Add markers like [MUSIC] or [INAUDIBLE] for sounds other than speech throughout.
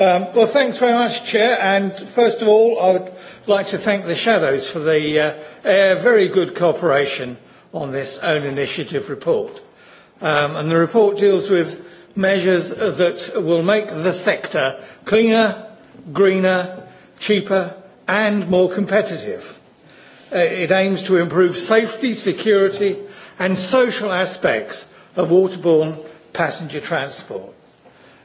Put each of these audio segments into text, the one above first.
Um, well, thanks very much, Chair. And first of all, I would like to thank the Shadows for the uh, uh, very good cooperation on this own initiative report. Um, and the report deals with measures that will make the sector cleaner, greener, cheaper, and more competitive. Uh, it aims to improve safety, security, and social aspects of waterborne passenger transport.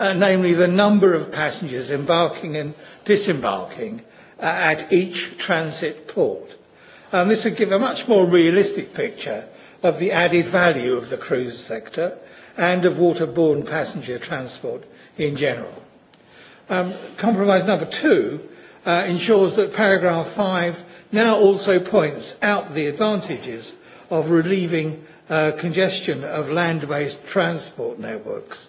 uh, namely the number of passengers embarking and disembarking uh, at each transit port. And um, this would give a much more realistic picture of the added value of the cruise sector and of waterborne passenger transport in general. Um, compromise number two uh, ensures that paragraph five now also points out the advantages of relieving uh, congestion of land-based transport networks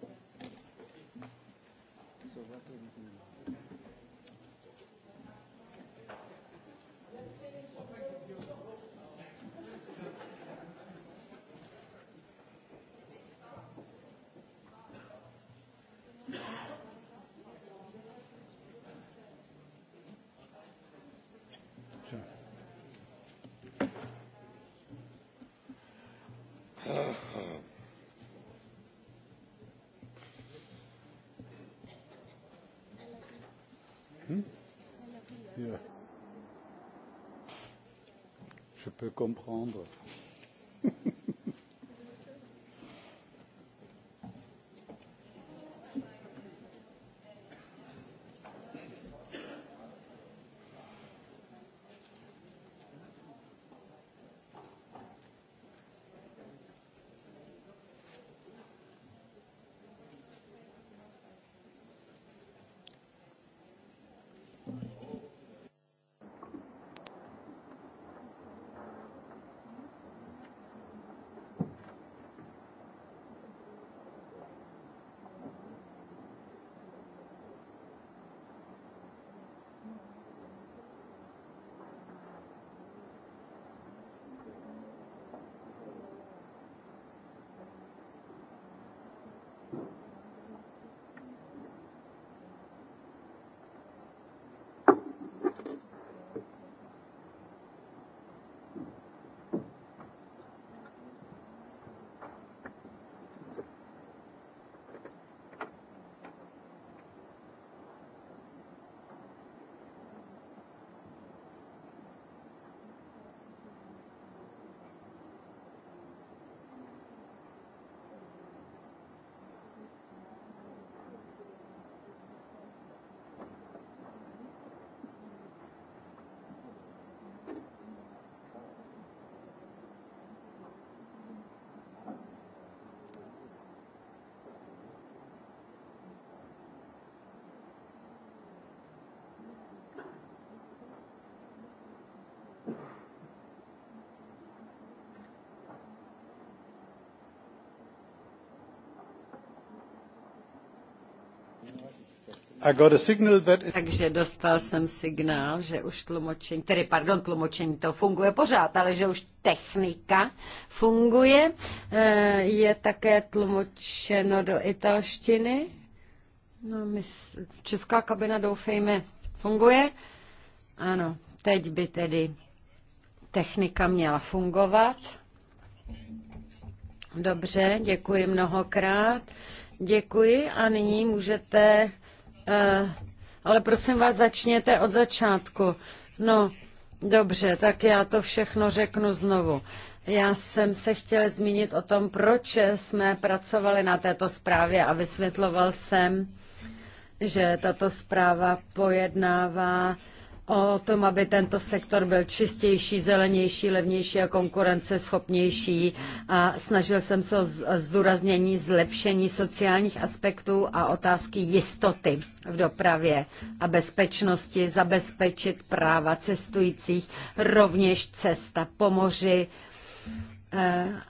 peut comprendre. [LAUGHS] Takže dostal jsem signál, že už tlumočení, tedy pardon, tlumočení to funguje pořád, ale že už technika funguje. Eh, je také tlumočeno do italštiny. No, my, česká kabina, doufejme, funguje. Ano, teď by tedy technika měla fungovat. Dobře, děkuji mnohokrát. Děkuji a nyní můžete, eh, ale prosím vás, začněte od začátku. No, dobře, tak já to všechno řeknu znovu. Já jsem se chtěla zmínit o tom, proč jsme pracovali na této zprávě a vysvětloval jsem, že tato zpráva pojednává o tom, aby tento sektor byl čistější, zelenější, levnější a konkurenceschopnější. A snažil jsem se o zdůraznění zlepšení sociálních aspektů a otázky jistoty v dopravě a bezpečnosti, zabezpečit práva cestujících, rovněž cesta po moři eh,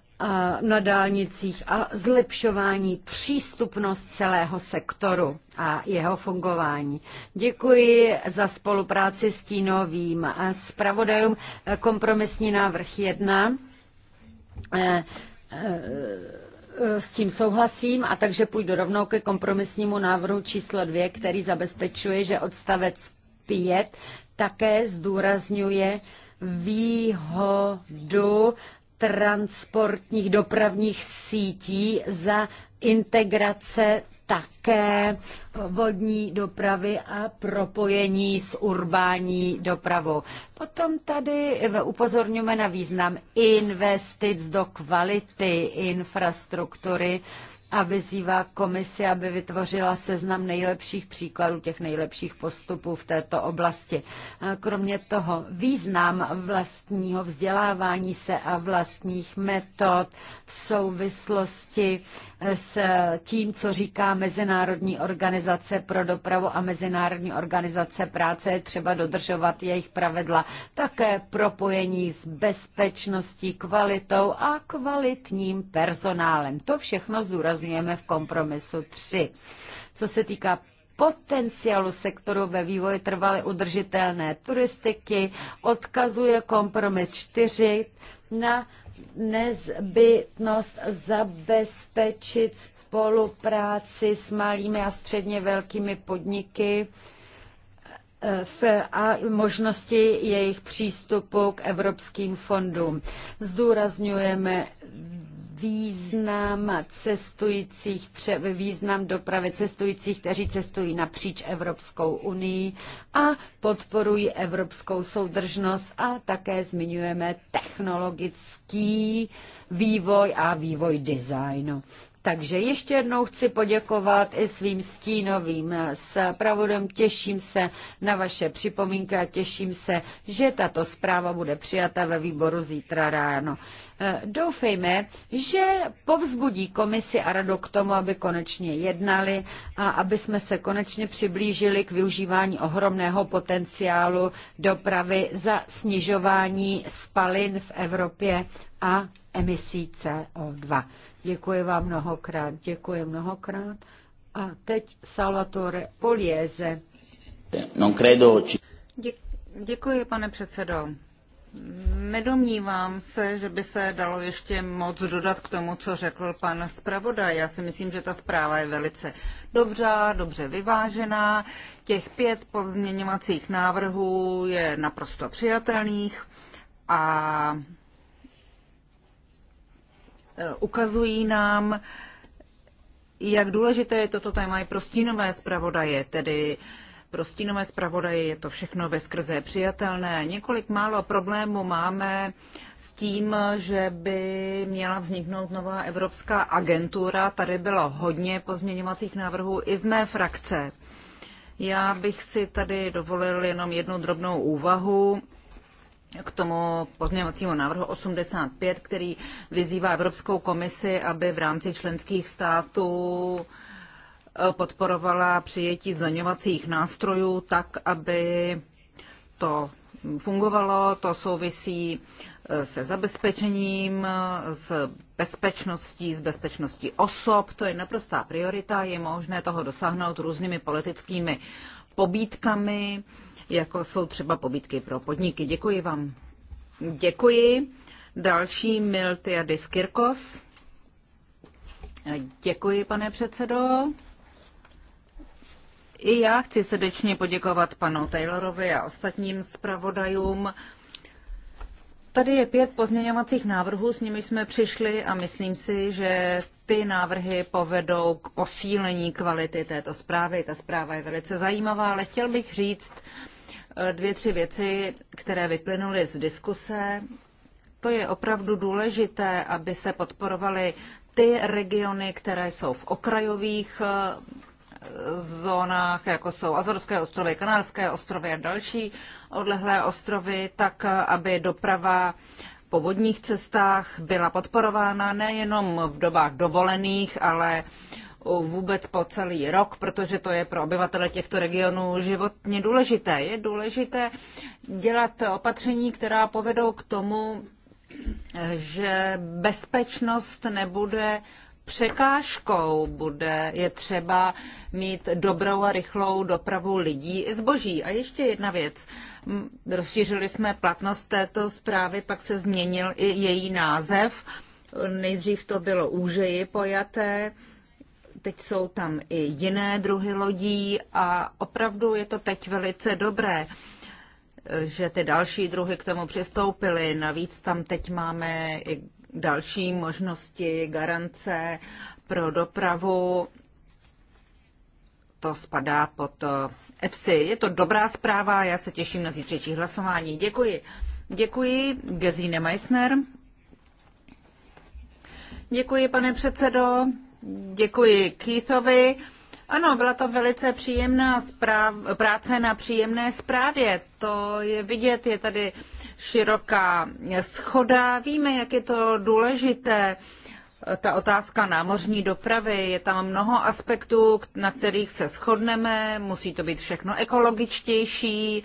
na dálnicích a zlepšování přístupnost celého sektoru a jeho fungování. Děkuji za spolupráci s tínovým zpravodajům. Kompromisní návrh 1 eh, eh, s tím souhlasím a takže půjdu rovnou ke kompromisnímu návrhu číslo 2, který zabezpečuje, že odstavec 5 také zdůrazňuje výhodu transportních dopravních sítí za integrace také vodní dopravy a propojení s urbání dopravou. Potom tady upozorňujeme na význam investic do kvality infrastruktury a vyzývá komisi, aby vytvořila seznam nejlepších příkladů, těch nejlepších postupů v této oblasti. Kromě toho význam vlastního vzdělávání se a vlastních metod v souvislosti s tím, co říká Mezinárodní organizace pro dopravu a Mezinárodní organizace práce, je třeba dodržovat jejich pravidla. Také propojení s bezpečností, kvalitou a kvalitním personálem. To všechno zdůrazňujeme v kompromisu 3. Co se týká potenciálu sektoru ve vývoji trvale udržitelné turistiky, odkazuje kompromis 4 na nezbytnost zabezpečit spolupráci s malými a středně velkými podniky eh, a možnosti jejich přístupu k evropským fondům. Zdůrazňujeme význam cestujících, význam dopravy cestujících, kteří cestují napříč Evropskou unii a podporují evropskou soudržnost a také zmiňujeme technologický vývoj a vývoj designu. Takže ještě jednou chci poděkovat i svým stínovým zpravodem. Těším se na vaše připomínky a těším se, že tato zpráva bude přijata ve výboru zítra ráno. Eh, doufejme, že povzbudí komisi a radu k tomu, aby konečně jednali a aby jsme se konečně přiblížili k využívání ohromného potenciálu dopravy za snižování spalin v Evropě a emisí CO2. Děkuji vám mnohokrát, děkuji mnohokrát. A teď Salvatore Polieze. Děkuji, pane předsedo. Nedomnívám se, že by se dalo ještě moc dodat k tomu, co řekl pan zpravodaj. Já si myslím, že ta zpráva je velice dobře, dobře vyvážená. Těch pět pozměňovacích návrhů je naprosto přijatelných a e, ukazují nám, jak důležité je toto téma i pro stínové zpravodaje, tedy uh, pro stínové zpravodaje je to všechno ve skrze přijatelné. Několik málo problémů máme s tím, že by měla vzniknout nová evropská agentura. Tady bylo hodně pozměňovacích návrhů i z mé frakce. Já bych si tady dovolil jenom jednu drobnou úvahu k tomu pozměňovacímu návrhu 85, který vyzývá Evropskou komisi, aby v rámci členských států podporovala přijetí zdaňovacích nástrojů tak, aby to fungovalo. To souvisí eh, se zabezpečením, eh, s bezpečností, s bezpečností osob. To je naprostá priorita. Je možné toho dosáhnout různými politickými pobídkami, jako jsou třeba pobídky pro podniky. Děkuji vám. Děkuji. Další Miltiadis Kirkos. Děkuji, pane předsedo. I já chci srdečně poděkovat panu Taylorovi a ostatním zpravodajům. Tady je pět pozměňovacích návrhů, s nimi jsme přišli a myslím si, že ty návrhy povedou k posílení kvality této zprávy. Ta zpráva je velice zajímavá, ale chtěl bych říct eh, dvě, tři věci, které vyplynuly z diskuse. To je opravdu důležité, aby se podporovaly ty regiony, které jsou v okrajových eh, zónách, jako jsou Azorské ostrovy, Kanárské ostrovy a další odlehlé ostrovy, tak aby doprava po vodních cestách byla podporována nejenom v dobách dovolených, ale vůbec po celý rok, protože to je pro obyvatele těchto regionů životně důležité. Je důležité dělat opatření, která povedou k tomu, že bezpečnost nebude překážkou. Bude, je třeba mít dobrou a rychlou dopravu lidí i zboží. A ještě jedna věc. Rozšířili jsme platnost této zprávy, pak se změnil i její název. Nejdřív to bylo úžeji pojaté, teď jsou tam i jiné druhy lodí a opravdu je to teď velice dobré že ty další druhy k tomu přistoupily. Navíc tam teď máme i další možnosti garance pro dopravu. To spadá pod EFSI. Eh, je to dobrá zpráva, já se těším na zítřejší hlasování. Děkuji. Děkuji, Gesine Meissner. Děkuji, pane předsedo. Děkuji Keithovi. Ano, byla to velice příjemná zpráv, práce na příjemné zprávě. To je vidět, je tady široká schoda. Víme, jak je to důležité. Ta otázka námořní dopravy, je tam mnoho aspektů, na kterých se shodneme, musí to být všechno ekologičtější,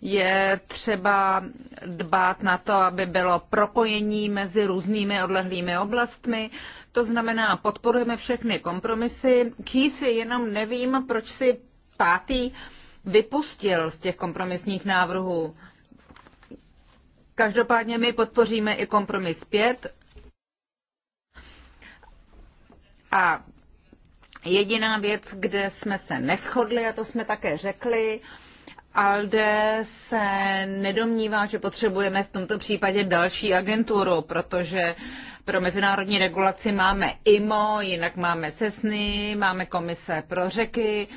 je třeba dbát na to, aby bylo propojení mezi různými odlehlými oblastmi. To znamená, podporujeme všechny kompromisy. Keith, jenom nevím, proč si pátý vypustil z těch kompromisních návrhů. Každopádně my podpoříme i kompromis 5. A jediná věc, kde jsme se neschodli, a to jsme také řekli, ALDE se nedomnívá, že potřebujeme v tomto případě další agenturu, protože pro mezinárodní regulaci máme IMO, jinak máme SESNY, máme komise pro řeky,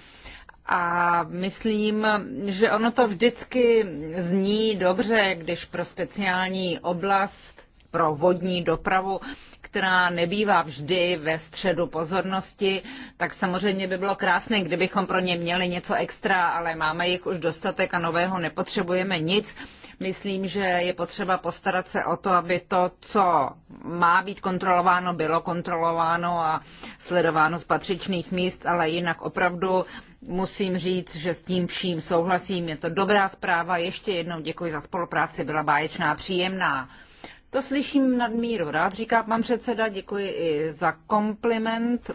a myslím, že ono to vždycky zní dobře, když pro speciální oblast, pro vodní dopravu, která nebývá vždy ve středu pozornosti, tak samozřejmě by bylo krásné, kdybychom pro ně měli něco extra, ale máme jich už dostatek a nového nepotřebujeme nic. Myslím, že je potřeba postarat se o to, aby to, co má být kontrolováno, bylo kontrolováno a sledováno z patřičných míst, ale jinak opravdu Musím říct, že s tím vším souhlasím. Je to dobrá zpráva. Ještě jednou děkuji za spolupráci, byla báječná, příjemná. To slyším nadmíru rád, říká pan předseda. Děkuji i za kompliment.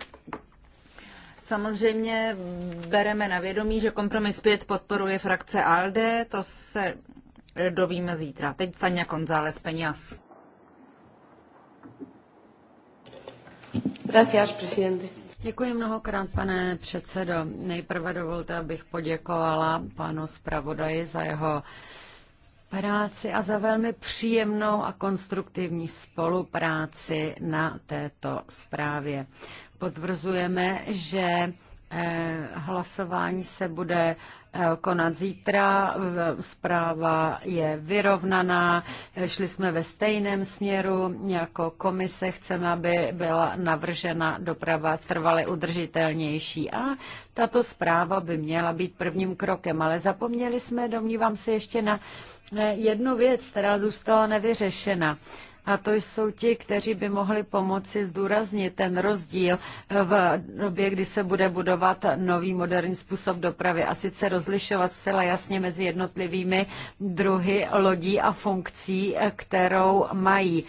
Samozřejmě bereme na vědomí, že kompromis 5 podporuje frakce ALDE, to se dovíme zítra. Teď Tania González Peňas. Gracias, presidente. Děkuji mnohokrát, pane předsedo. Nejprve dovolte, abych poděkovala panu zpravodaji za jeho práci a za velmi příjemnou a konstruktivní spolupráci na této zprávě. Potvrzujeme, že eh, hlasování se bude konat zítra. Zpráva je vyrovnaná, šli jsme ve stejném směru. Jako komise chceme, aby byla navržena doprava trvale udržitelnější a tato zpráva by měla být prvním krokem, ale zapomněli jsme, domnívám se, ještě na eh, jednu věc, která zůstala nevyřešena. A to jsou ti, kteří by mohli pomoci zdůraznit ten rozdíl v době, kdy se bude budovat nový moderní způsob dopravy a sice rozlišovat zcela jasně mezi jednotlivými druhy lodí a funkcí, kterou mají.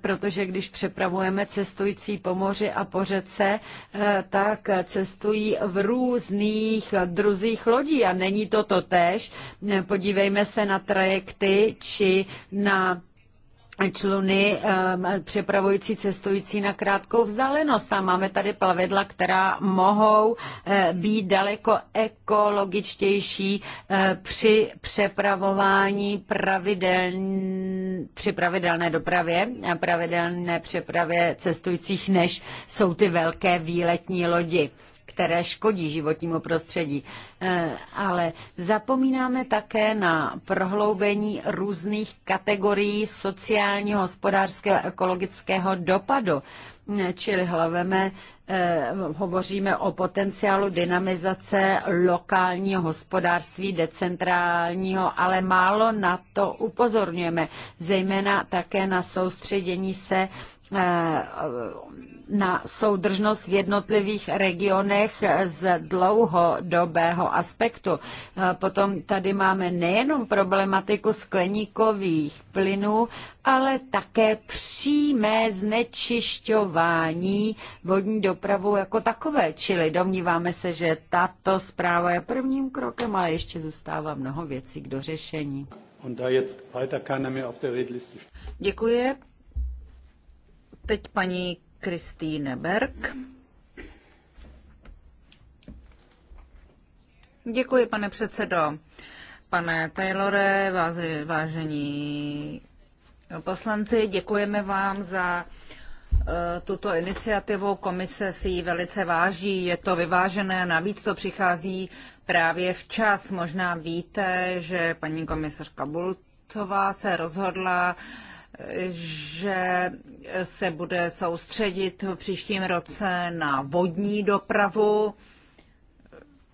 Protože když přepravujeme cestující po moři a po řece, tak cestují v různých druzích lodí a není to totéž. Podívejme se na trajekty či na čluny přepravující cestující na krátkou vzdálenost. A máme tady plavidla, která mohou eh, být daleko ekologičtější eh, při přepravování pravideln, při pravidelné dopravě a pravidelné přepravě cestujících, než jsou ty velké výletní lodi které škodí životnímu prostředí. Eh, ale zapomínáme také na prohloubení různých kategorií sociálního, hospodářského, ekologického dopadu. Eh, čili hlaveme, eh, hovoříme o potenciálu dynamizace lokálního hospodářství, decentrálního, ale málo na to upozorňujeme, zejména také na soustředění se na soudržnost v jednotlivých regionech z dlouhodobého aspektu. E, potom tady máme nejenom problematiku skleníkových plynů, ale také přímé znečišťování vodní dopravu jako takové. Čili domníváme se, že tato zpráva je prvním krokem, ale ještě zůstává mnoho věcí k dořešení. Děkuji. Teď paní Kristýne Berg. Děkuji, pane předsedo. Pane Taylore, vážení poslanci, děkujeme vám za e, tuto iniciativu. Komise si ji velice váží, je to vyvážené, navíc to přichází právě včas. Možná víte, že paní komisařka Bultová se rozhodla uh, že se bude soustředit v příštím roce na vodní dopravu.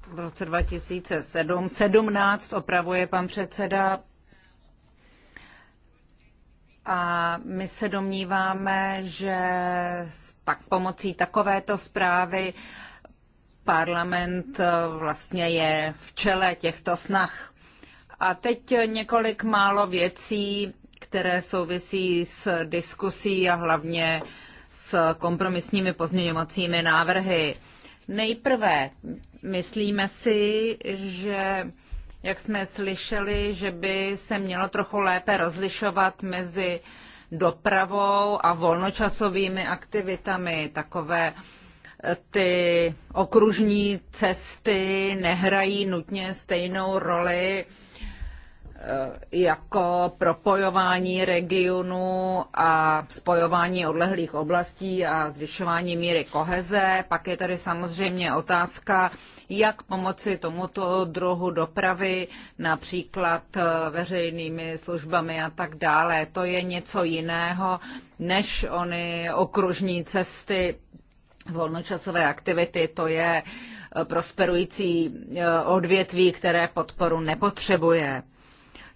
V roce 2007, 17 opravuje pan předseda. A my se domníváme, že tak pomocí takovéto zprávy parlament eh, vlastně je v čele těchto snah. A teď několik málo věcí které souvisí s diskusí a hlavně s kompromisními pozměňovacími návrhy. Nejprve myslíme si, že jak jsme slyšeli, že by se mělo trochu lépe rozlišovat mezi dopravou a volnočasovými aktivitami. Takové eh, ty okružní cesty nehrají nutně stejnou roli Eh, jako propojování regionu a spojování odlehlých oblastí a zvyšování míry koheze. Pak je tady samozřejmě otázka, jak pomoci tomuto druhu dopravy, například eh, veřejnými službami a tak dále. To je něco jiného než ony okružní cesty, volnočasové aktivity, to je eh, prosperující odvětví, které podporu nepotřebuje.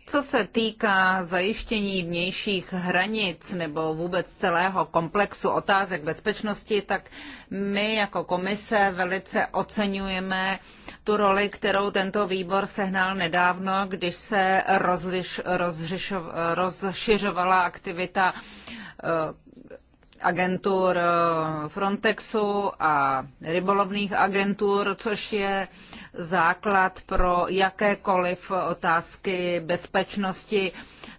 Co se týká zajištění vnějších hranic nebo vůbec celého komplexu otázek bezpečnosti, tak my jako komise velice oceňujeme tu roli, kterou tento výbor sehnal nedávno, když se rozliš, rozřišo, rozšiřovala aktivita eh, agentur eh, Frontexu a rybolovných agentur, což je základ pro jakékoliv otázky bezpečnosti.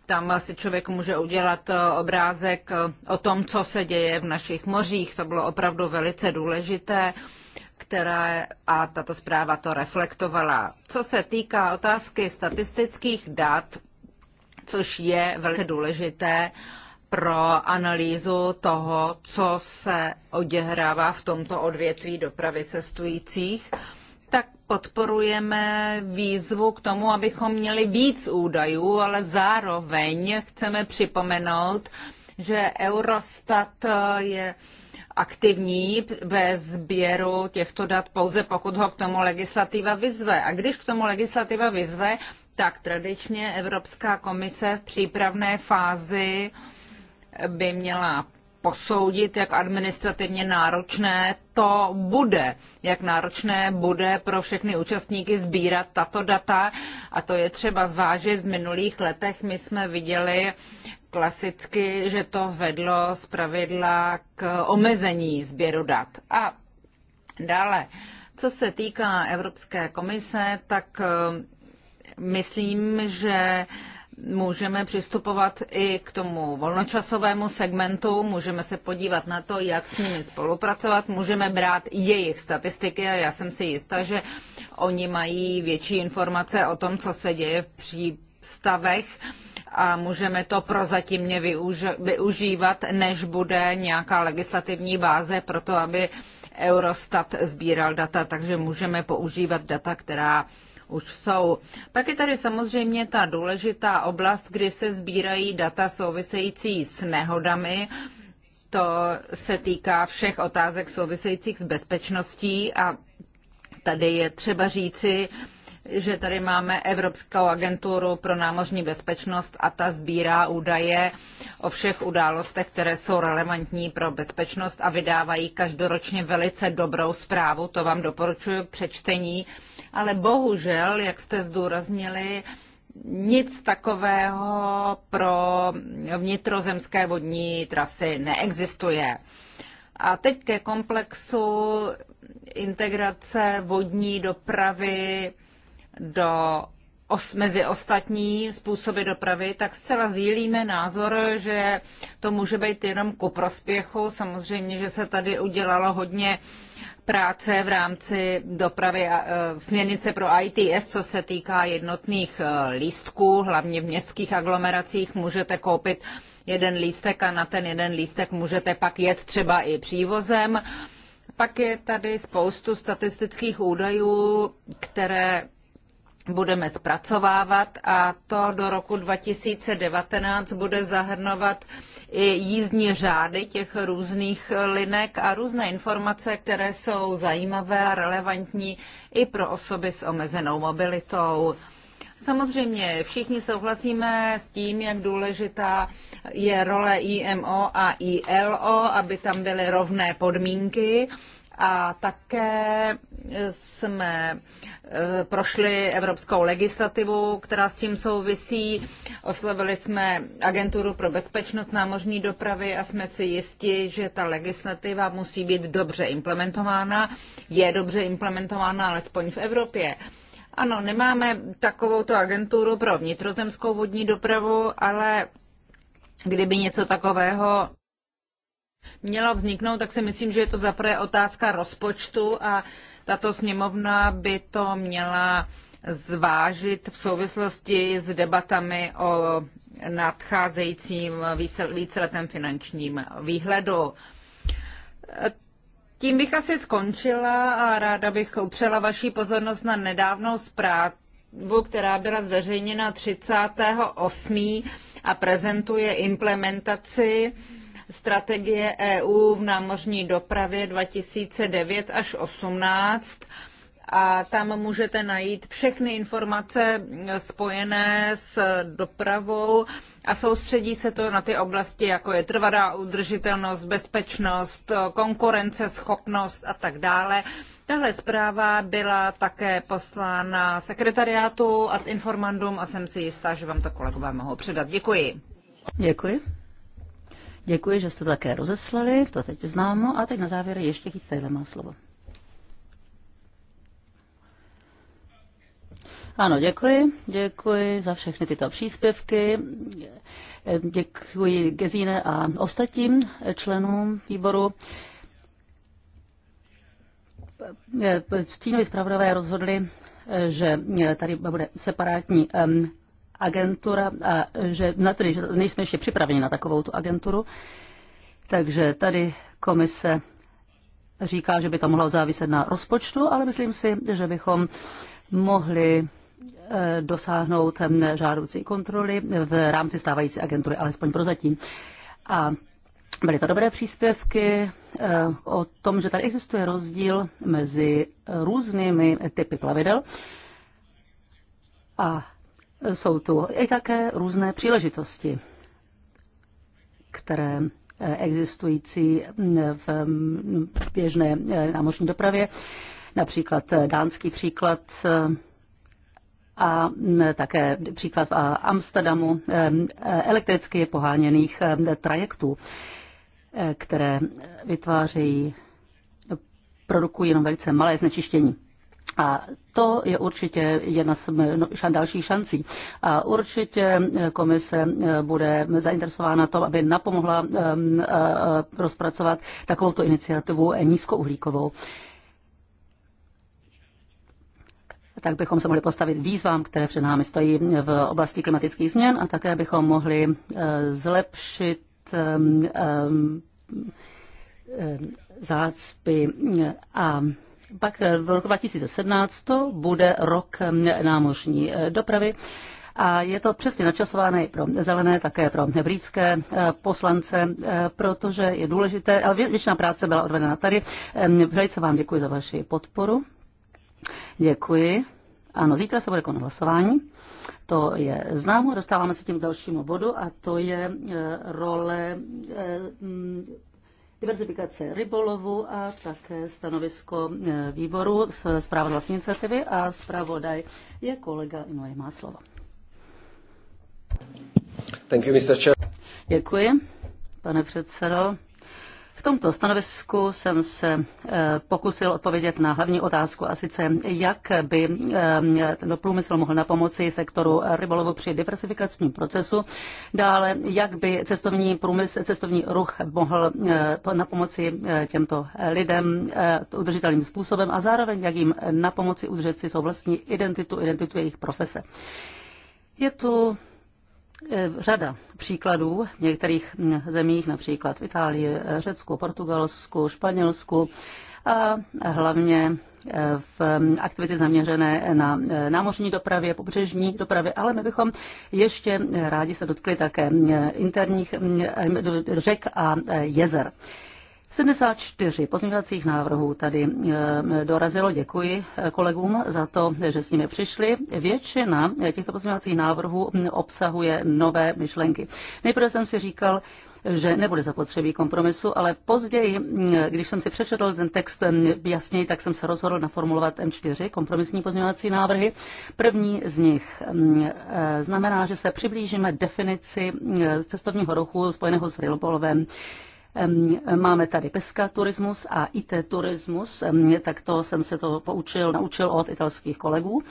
Tam si člověk může udělat eh, obrázek eh, o tom, co se děje v našich mořích. To bylo opravdu velice důležité které a tato zpráva to reflektovala. Co se týká otázky statistických dat, což je velice důležité, pro analýzu toho, co se odehrává v tomto odvětví dopravy cestujících, tak podporujeme výzvu k tomu, abychom měli víc údajů, ale zároveň chceme připomenout, že Eurostat eh, je aktivní ve sběru těchto dat pouze pokud ho k tomu legislativa vyzve. A když k tomu legislativa vyzve, tak tradičně Evropská komise v přípravné fázi uh, by měla posoudit, jak administrativně náročné to bude, jak náročné bude pro všechny účastníky sbírat tato data. A to je třeba zvážit. V minulých letech my jsme viděli klasicky, že to vedlo z pravidla k omezení sběru dat. A dále, co se týká Evropské komise, tak eh, myslím, že můžeme přistupovat i k tomu volnočasovému segmentu, můžeme se podívat na to, jak s nimi spolupracovat, můžeme brát jejich statistiky a já jsem si jistá, že oni mají větší informace o tom, co se děje v přístavech a můžeme to prozatímně využívat, než bude nějaká legislativní báze pro to, aby Eurostat sbíral data, takže můžeme používat data, která už jsou. Pak je tady samozřejmě ta důležitá oblast, kdy se sbírají data související s nehodami. To se týká všech otázek souvisejících s bezpečností a tady je třeba říci, že tady máme Evropskou agenturu pro námořní bezpečnost a ta sbírá údaje o všech událostech, které jsou relevantní pro bezpečnost a vydávají každoročně velice dobrou zprávu. To vám doporučuji k přečtení ale bohužel, jak jste zdůraznili, nic takového pro vnitrozemské vodní trasy neexistuje. A teď ke komplexu integrace vodní dopravy do os, mezi ostatní způsoby dopravy, tak zcela sdílíme názor, že to může být jenom ku prospěchu. Samozřejmě, že se tady udělalo hodně práce v rámci dopravy e, směrnice pro ITS, co se týká jednotných e, lístků, hlavně v městských aglomeracích můžete koupit jeden lístek a na ten jeden lístek můžete pak jet třeba i přívozem. Pak je tady spoustu statistických údajů, které budeme zpracovávat a to do roku 2019 bude zahrnovat jízdní řády těch různých linek a různé informace, které jsou zajímavé a relevantní i pro osoby s omezenou mobilitou. Samozřejmě všichni souhlasíme s tím, jak důležitá je role IMO a ILO, aby tam byly rovné podmínky a také jsme eh, prošli evropskou legislativu, která s tím souvisí. Oslovili jsme agenturu pro bezpečnost námořní dopravy a jsme si jisti, že ta legislativa musí být dobře implementována. Je dobře implementována alespoň v Evropě. Ano, nemáme takovouto agenturu pro vnitrozemskou vodní dopravu, ale kdyby něco takového měla vzniknout, tak si myslím, že je to zaprvé otázka rozpočtu a tato sněmovna by to měla zvážit v souvislosti s debatami o nadcházejícím víceletém finančním výhledu. Tím bych asi skončila a ráda bych upřela vaši pozornost na nedávnou zprávu, která byla zveřejněna 38. a prezentuje implementaci strategie EU v námořní dopravě 2009 až 2018 a tam můžete najít všechny informace spojené s dopravou a soustředí se to na ty oblasti, jako je trvalá udržitelnost, bezpečnost, konkurenceschopnost a tak dále. Tahle zpráva byla také poslána sekretariátu a informandum a jsem si jistá, že vám to kolegové mohou předat. Děkuji. Děkuji. Děkuji, že jste to také rozeslali, to teď známo. A teď na závěr ještě Keith má slovo. Ano, děkuji. Děkuji za všechny tyto příspěvky. Děkuji Gezíne a ostatním členům výboru. Stínovi zpravodové rozhodli, že tady bude separátní agentura, a že, na tedy, že nejsme ještě připraveni na takovou tu agenturu. Takže tady komise říká, že by to mohlo záviset na rozpočtu, ale myslím si, že bychom mohli eh, dosáhnout eh, žádoucí kontroly v rámci stávající agentury, alespoň prozatím. A byly to dobré příspěvky eh, o tom, že tady existuje rozdíl mezi různými typy plavidel. A jsou tu i také různé příležitosti, které eh, existující mm, v mm, běžné eh, námořní dopravě, například eh, dánský příklad a mm, také příklad v Amsterdamu elektricky poháněných trajektů, které vytvářejí, produkují jenom velice malé znečištění. A to je určitě jedna z no, dalších šancí. A určitě e, komise e, bude zainteresována tom, aby napomohla e, rozpracovat takovouto iniciativu nízkouhlíkovou. tak bychom se mohli postavit výzvám, které před námi stojí v oblasti klimatických změn a také bychom mohli zlepšit zácpy a pak eh, v roku 2017 to bude rok hm, námořní eh, dopravy. A je to přesně načasované i pro zelené, také pro britské eh, poslance, protože je důležité, ale většina práce byla odvedena tady. Hm, velice vám děkuji za vaši podporu. Děkuji. Ano, zítra se bude konat hlasování. To je známo. Dostáváme se tím k dalšímu bodu a to je role hm, diverzifikace rybolovu a také stanovisko eh, výboru zpráva vlastní iniciativy a zpravodaj je kolega Inoje má slovo. Thank you, Mr. Chair. Děkuji, pane předsedo tomto stanovisku jsem se eh, pokusil odpovědět na hlavní otázku, a sice jak by eh, tento průmysl mohl na pomoci sektoru rybolovu při diversifikačním procesu, dále jak by cestovní průmysl, cestovní ruch mohl eh, na pomoci těmto lidem udržitelným způsobem a zároveň jak jim na pomoci udržet si svou vlastní identitu, identitu jejich profese. Je tu Eh, řada příkladů v některých mm, zemích, například v Itálii, Řecku, Portugalsku, Španělsku a hlavně eh, v mm, aktivity zaměřené na eh, námořní dopravě, pobřežní dopravě, ale my bychom ještě rádi se dotkli také mm, interních řek a jezer. 74 pozměňovacích návrhů tady eh, dorazilo. Děkuji eh, kolegům za to, že s nimi přišli. Většina eh, těchto pozměňovacích návrhů obsahuje nové myšlenky. Nejprve jsem si říkal, že nebude zapotřebí kompromisu, ale později, když jsem si přečetl ten text jasněji, tak jsem se rozhodl naformulovat M4, kompromisní pozměňovací návrhy. První z nich mm, znamená, že se přiblížíme definici cestovního ruchu spojeného s rilbolovem. Máme tady peska turismus a IT turismus, tak to jsem se to poučil, naučil od italských kolegů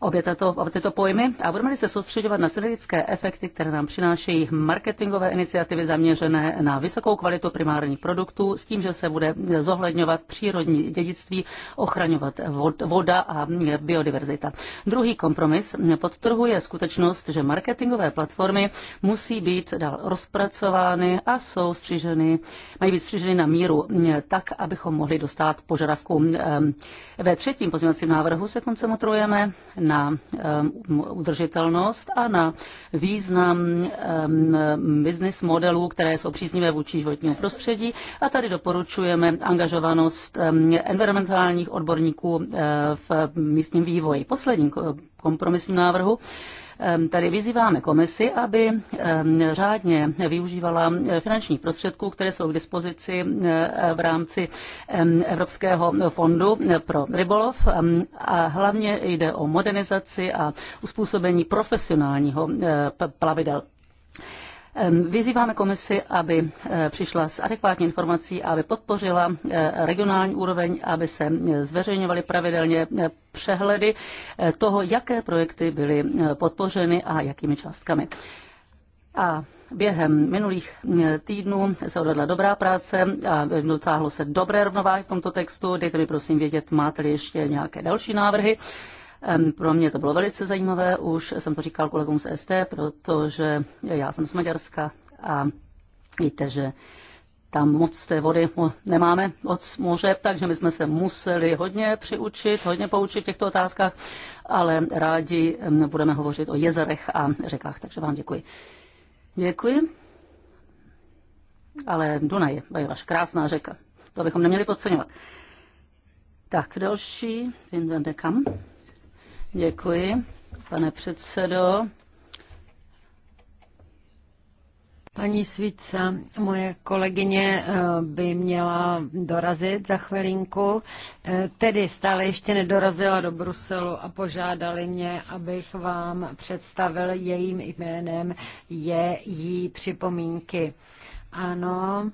obě tato, obě tyto pojmy a budeme se soustředovat na synergické efekty, které nám přinášejí marketingové iniciativy zaměřené na vysokou kvalitu primárních produktů s tím, že se bude zohledňovat přírodní dědictví, ochraňovat voda a biodiverzita. Druhý kompromis podtrhuje skutečnost, že marketingové platformy musí být dál rozpracovány a jsou střiženy, mají být střiženy na míru tak, abychom mohli dostat požadavku. Ehm, ve třetím pozměňovacím návrhu se koncentrujeme na um, udržitelnost a na význam um, business modelů, které jsou příznivé vůči životnímu prostředí. A tady doporučujeme angažovanost um, environmentálních odborníků uh, v místním vývoji. Poslední kompromisním návrhu Tady vyzýváme komisi, aby řádně využívala eh, finančních prostředků, které jsou k dispozici eh, v rámci Evropského fondu eh, pro rybolov a hlavně jde o modernizaci a uspůsobení profesionálního plavidel. Vyzýváme komisi, aby eh, přišla s adekvátní informací, aby podpořila eh, regionální úroveň, aby se eh, zveřejňovaly pravidelně přehledy toho, jaké projekty byly podpořeny a jakými částkami. A během minulých týdnů se odvedla dobrá práce a docáhlo se dobré rovnováhy v tomto textu. Dejte mi prosím vědět, máte-li ještě nějaké další návrhy. Pro mě to bylo velice zajímavé, už jsem to říkal kolegům z SD, protože já jsem z Maďarska a víte, že tam moc té vody nemáme moc moře, takže my jsme se museli hodně přiučit, hodně poučit v těchto otázkách, ale rádi budeme hovořit o jezerech a řekách, takže vám děkuji. Děkuji. Ale Dunaj, je vaš krásná řeka. To bychom neměli podceňovat. Tak, další, Vin Kam. Děkuji, pane předsedo. Paní Svíca, moje kolegyně eh, by měla dorazit za chvilinku, eh, tedy stále ještě nedorazila do Bruselu a požádali mě, abych vám představil jejím jménem je jí připomínky. Ano,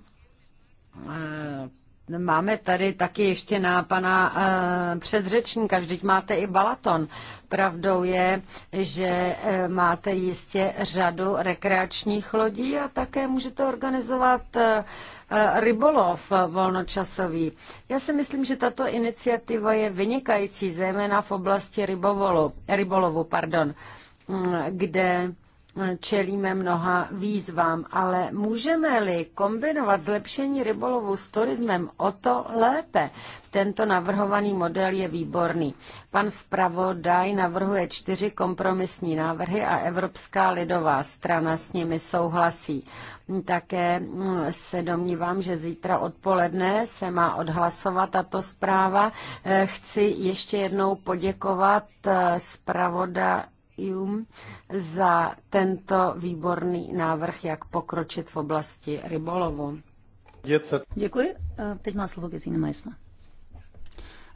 eh, Máme tady taky ještě na pana uh, předřečníka, vždyť máte i balaton. Pravdou je, že uh, máte jistě řadu rekreačních lodí a také můžete organizovat uh, rybolov volnočasový. Já si myslím, že tato iniciativa je vynikající, zejména v oblasti rybovolu, rybolovu, pardon, mm, kde čelíme mnoha výzvám, ale můžeme-li kombinovat zlepšení rybolovu s turismem, o to lépe. Tento navrhovaný model je výborný. Pan zpravodaj navrhuje čtyři kompromisní návrhy a Evropská lidová strana s nimi souhlasí. Také mm, se domnívám, že zítra odpoledne se má odhlasovat tato zpráva. Eh, chci ještě jednou poděkovat eh, zpravodaj Jum za tento výborný návrh, jak pokročit v oblasti rybolovu. Děkuji. Teď má slovo Gesine Meissner.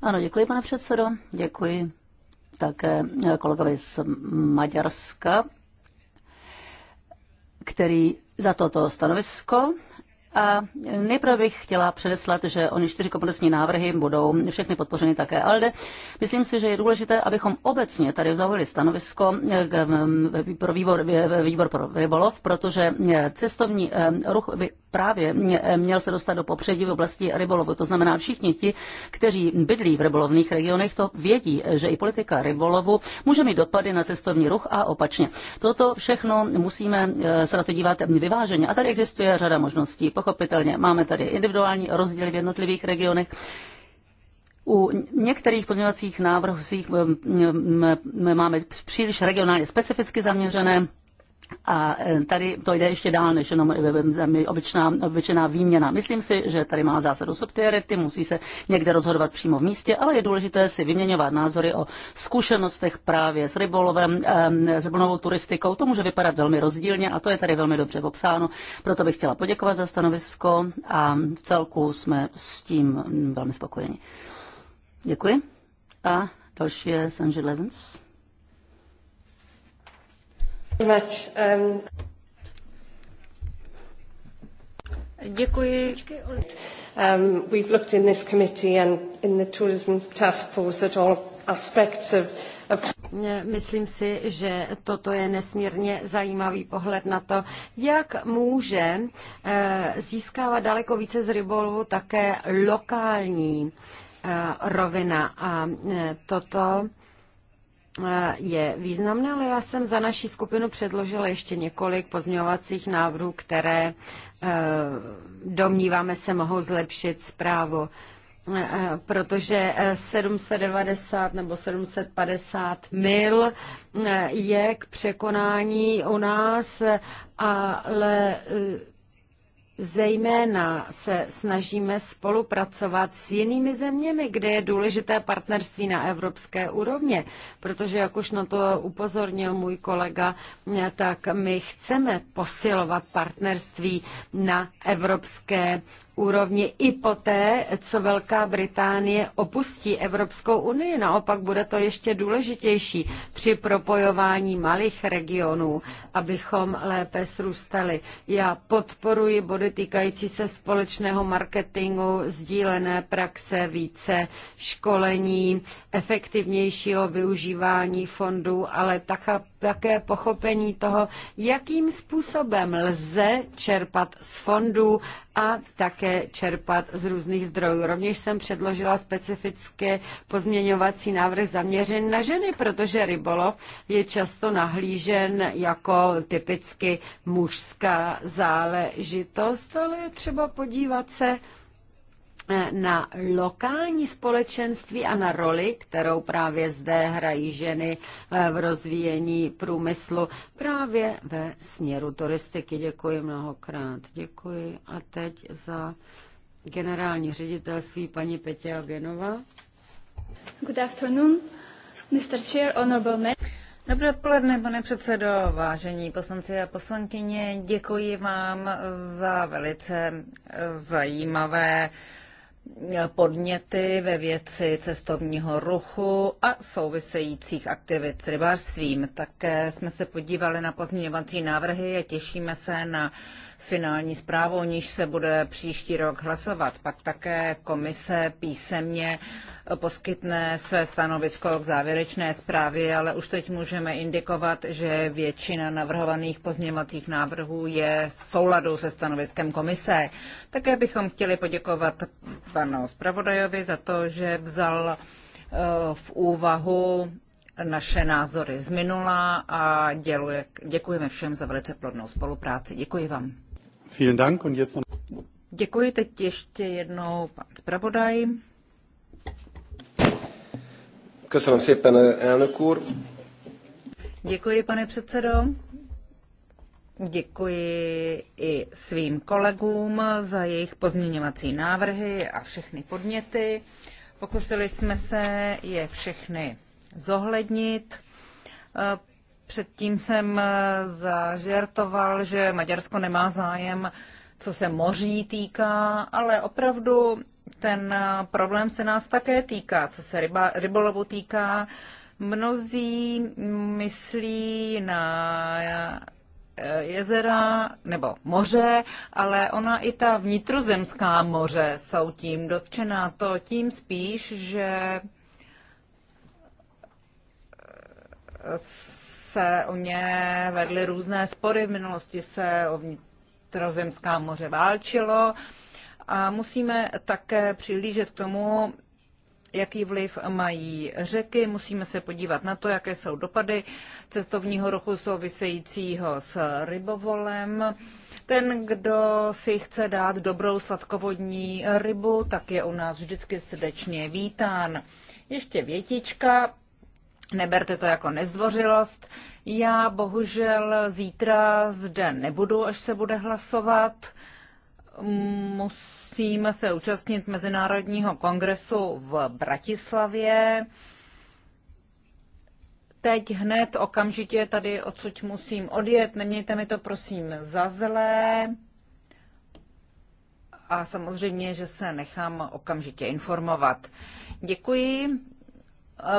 Ano, děkuji, pane předsedo. Děkuji také kolegovi z Maďarska, který za toto stanovisko a nejprve bych chtěla předeslat, že oni čtyři kompromisní návrhy budou všechny podpořeny také ALDE. Myslím si, že je důležité, abychom obecně tady zaujali stanovisko pro výbor, výbor pro rybolov, protože cestovní eh, ruch by právě eh, měl se dostat do popředí v oblasti rybolovu. To znamená, všichni ti, kteří bydlí v rybolovných regionech, to vědí, eh, že i politika rybolovu může mít dopady na cestovní ruch a opačně. Toto všechno musíme eh, se na to dívat vyváženě. A tady existuje řada možností. Pochopitelně máme tady individuální rozdíly v jednotlivých regionech. U některých pozměňovacích návrhů máme příliš regionálně specificky zaměřené a e, tady to jde ještě dál, než jenom obyčná, obyčejná výměna. Myslím si, že tady má zásadu subsidiarity, musí se někde rozhodovat přímo v místě, ale je důležité si vyměňovat názory o zkušenostech právě s rybolovem, e, s rybolovou turistikou. To může vypadat velmi rozdílně a to je tady velmi dobře popsáno. Proto bych chtěla poděkovat za stanovisko a v celku jsme s tím velmi spokojeni. Děkuji. A další je Sanji Levens. Much, um, um... we've looked in this committee and in the tourism task force at all aspects of Myslím si, že toto je nesmírně zajímavý pohled na to, jak může eh, získávat daleko více z rybolovu také lokální eh, rovina. A eh, toto je významné, ale já jsem za naší skupinu předložila ještě několik pozměňovacích návrhů, které e, domníváme se mohou zlepšit zprávu, e, e, protože 790 nebo 750 mil je k překonání u nás, ale Zejména se snažíme spolupracovat s jinými zeměmi, kde je důležité partnerství na evropské úrovně, protože, jak už na to upozornil můj kolega, tak my chceme posilovat partnerství na evropské úrovni i poté, co Velká Británie opustí Evropskou unii. Naopak bude to ještě důležitější při propojování malých regionů, abychom lépe srůstali. Já podporuji body týkající se společného marketingu, sdílené praxe, více školení, efektivnějšího využívání fondů, ale také pochopení toho, jakým způsobem lze čerpat z fondů a také také čerpat z různých zdrojů. Rovněž jsem předložila specifické pozměňovací návrh zaměřen na ženy, protože rybolov je často nahlížen jako typicky mužská záležitost, ale je třeba podívat se na lokální společenství a na roli, kterou právě zde hrají ženy eh, v rozvíjení průmyslu právě ve směru turistiky. Děkuji mnohokrát. Děkuji a teď za generální ředitelství paní Petě Agenova. Good afternoon, Mr. Chair, honorable Man. Dobré odpoledne, pane předsedo, vážení poslanci a poslankyně. Děkuji vám za velice zajímavé podněty ve věci cestovního ruchu a souvisejících aktivit s rybářstvím. Také jsme se podívali na pozměňovací návrhy a těšíme se na finální zprávu, o níž se bude příští rok hlasovat. Pak také komise písemně poskytne své stanovisko k závěrečné zprávě, ale už teď můžeme indikovat, že většina navrhovaných pozměňovacích návrhů je souladu se stanoviskem komise. Také bychom chtěli poděkovat panu zpravodajovi za to, že vzal eh, v úvahu naše názory z minula a děluje, děkujeme všem za velice plodnou spolupráci. Děkuji vám. Vielen Dank und jetzt... Děkuji teď ještě jednou pan zpravodaj. Děkuji, pane předsedo. Děkuji i svým kolegům za jejich pozměňovací návrhy a všechny podněty. Pokusili jsme se je všechny zohlednit. Předtím jsem zažertoval, že Maďarsko nemá zájem, co se moří týká, ale opravdu ten eh, problém se nás také týká, co se ryba, rybolovu týká. Mnozí myslí na eh, jezera nebo moře, ale ona i ta vnitrozemská moře jsou tím dotčená. To tím spíš, že eh, se o ně vedly různé spory. V minulosti se o vnitrozemská moře válčilo. A musíme také přihlížet k tomu, jaký vliv mají řeky. Musíme se podívat na to, jaké jsou dopady cestovního ruchu souvisejícího s rybovolem. Ten, kdo si chce dát dobrou sladkovodní rybu, tak je u nás vždycky srdečně vítán. Ještě větička, neberte to jako nezdvořilost. Já bohužel zítra zde nebudu, až se bude hlasovat. Musím Musím se účastnit Mezinárodního kongresu v Bratislavě. Teď hned okamžitě tady odsud musím odjet. Nemějte mi to prosím za zlé. A samozřejmě, že se nechám okamžitě informovat. Děkuji.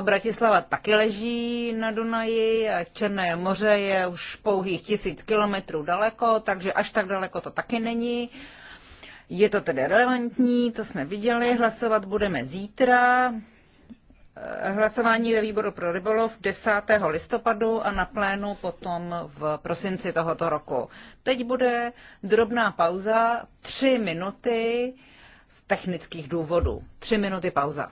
Bratislava taky leží na Dunaji, Černé moře je už pouhých tisíc kilometrů daleko, takže až tak daleko to taky není. Je to tedy relevantní, to jsme viděli, hlasovat budeme zítra. Eh, hlasování ve výboru pro rybolov 10. listopadu a na plénu potom v prosinci tohoto roku. Teď bude drobná pauza, tři minuty z technických důvodů. Tři minuty pauza.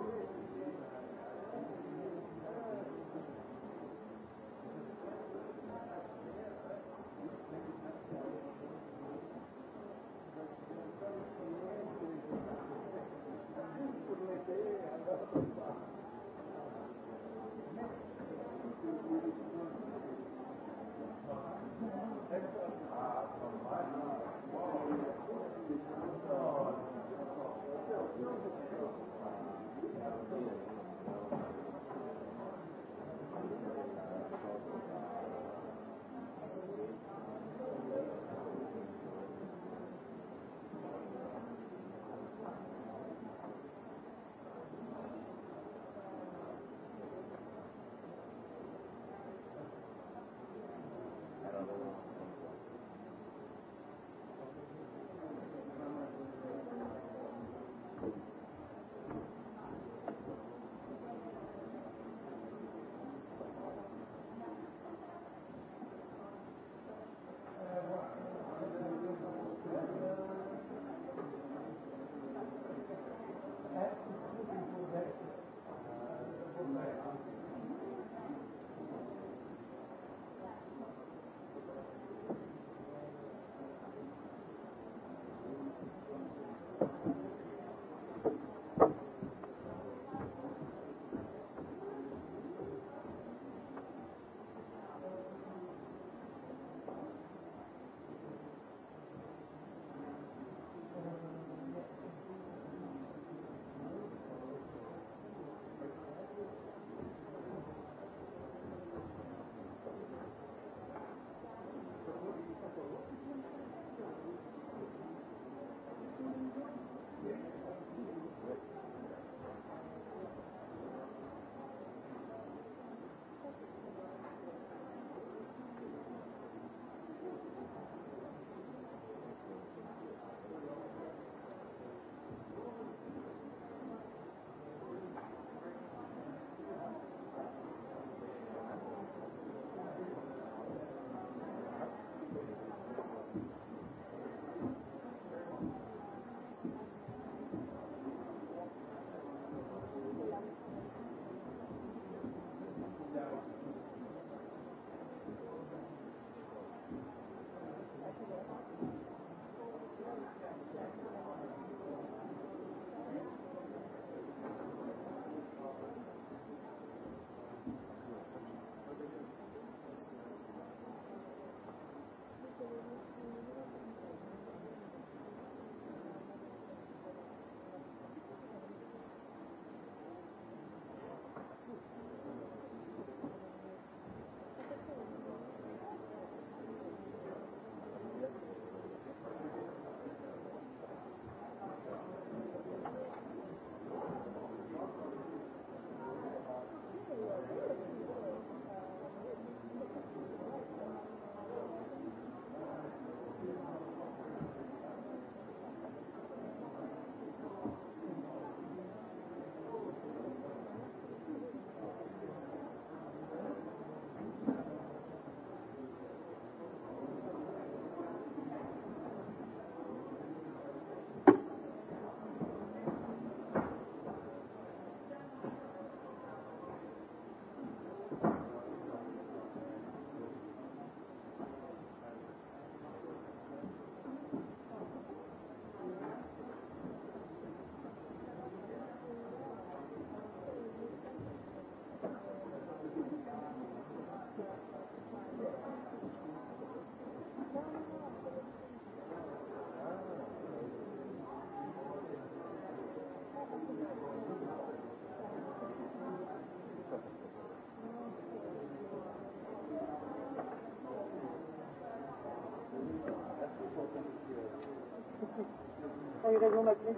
T'as eu raison d'appeler.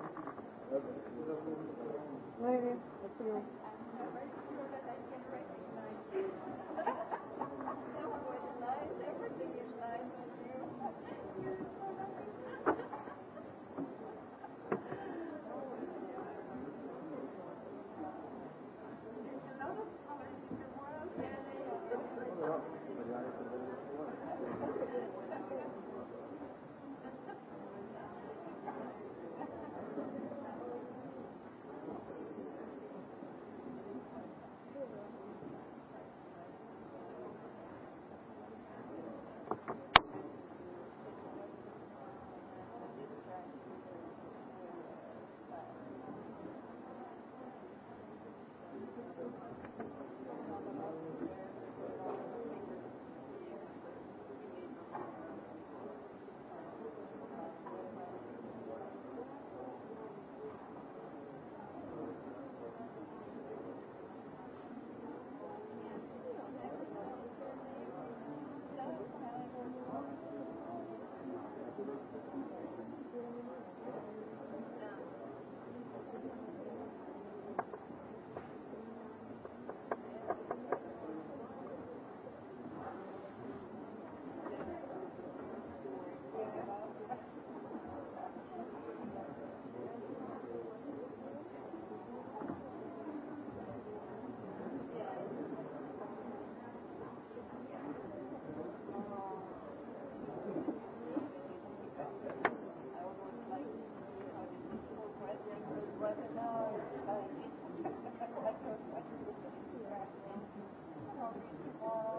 Oui, oui, absolument. Thank you. Oh.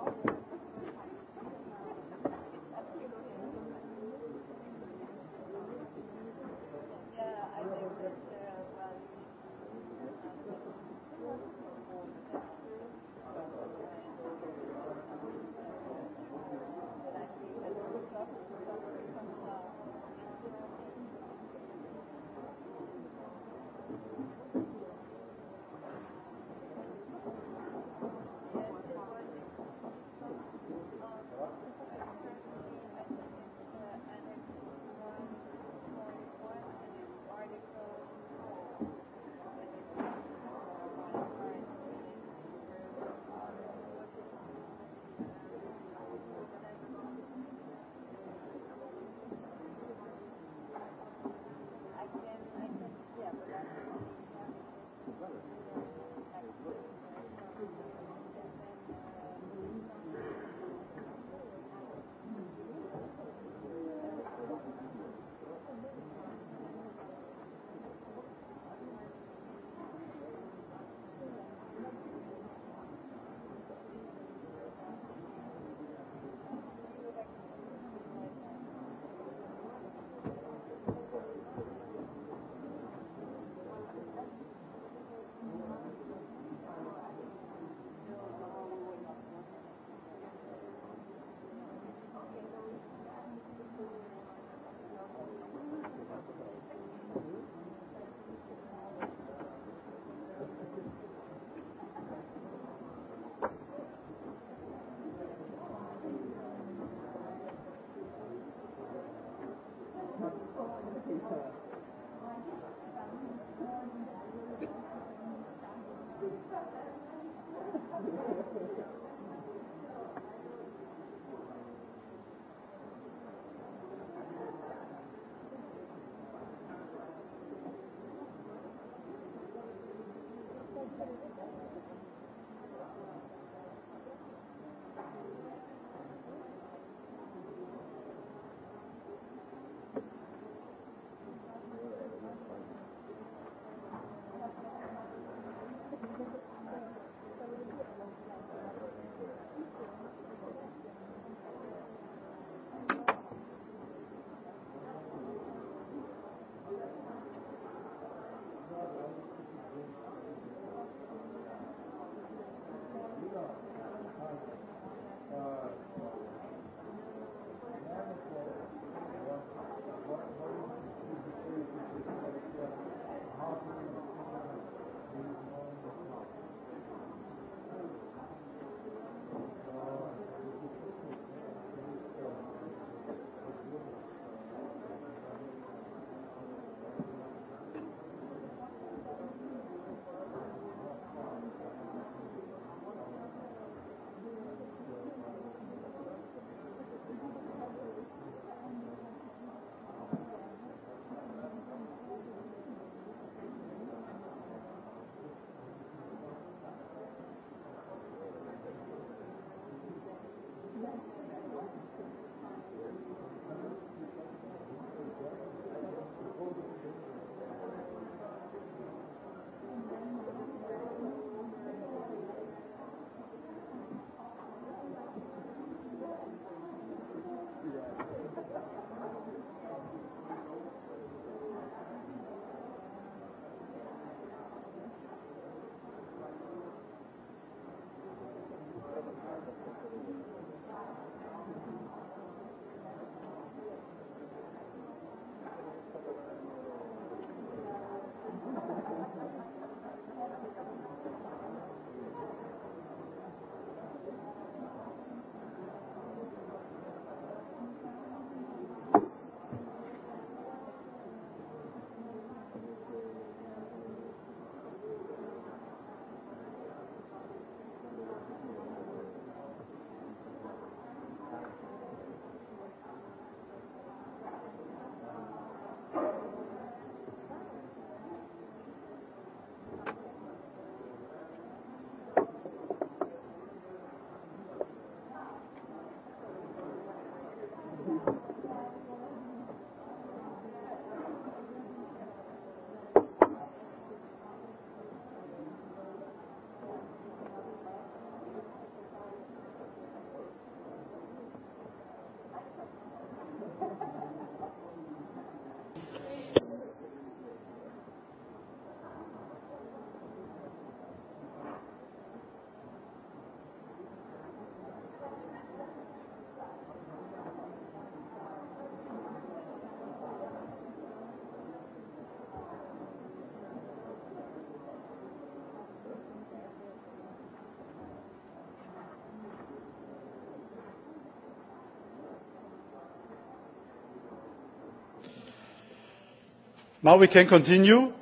Now we can continue.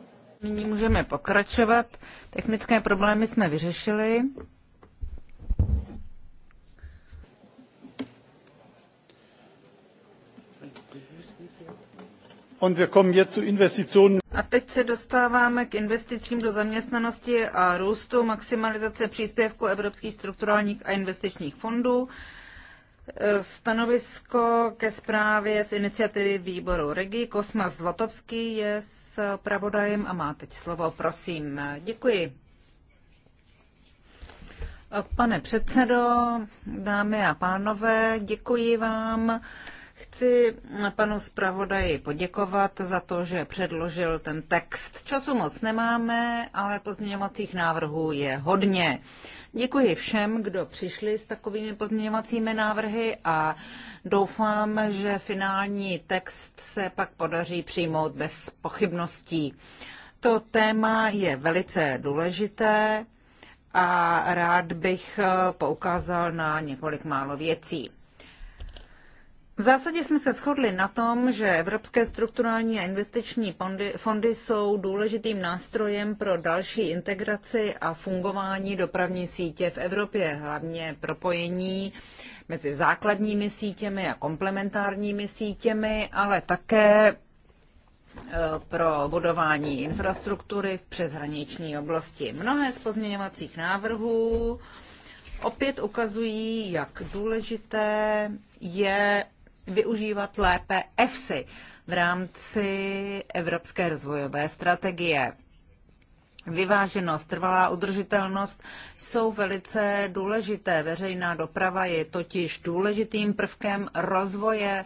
Nyní můžeme pokračovat. Technické problémy jsme vyřešili. A teď se dostáváme k investicím do zaměstnanosti a růstu, maximalizace příspěvku evropských strukturálních a investičních fondů. Stanovisko ke zprávě z iniciativy výboru Regi. Kosmas Zlotovský je s pravodajem a má teď slovo, prosím. Děkuji. Pane předsedo, dámy a pánové, děkuji vám Chci panu zpravodaji poděkovat za to, že předložil ten text. Času moc nemáme, ale pozměňovacích návrhů je hodně. Děkuji všem, kdo přišli s takovými pozměňovacími návrhy a doufám, že finální text se pak podaří přijmout bez pochybností. To téma je velice důležité a rád bych poukázal na několik málo věcí. V zásadě jsme se shodli na tom, že evropské strukturální a investiční fondy, fondy jsou důležitým nástrojem pro další integraci a fungování dopravní sítě v Evropě, hlavně propojení mezi základními sítěmi a komplementárními sítěmi, ale také eh, pro budování infrastruktury v přeshraniční oblasti. Mnohé z pozměňovacích návrhů opět ukazují, jak důležité je využívat lépe EFSI v rámci Evropské rozvojové strategie. Vyváženost, trvalá udržitelnost jsou velice důležité. Veřejná doprava je totiž důležitým prvkem rozvoje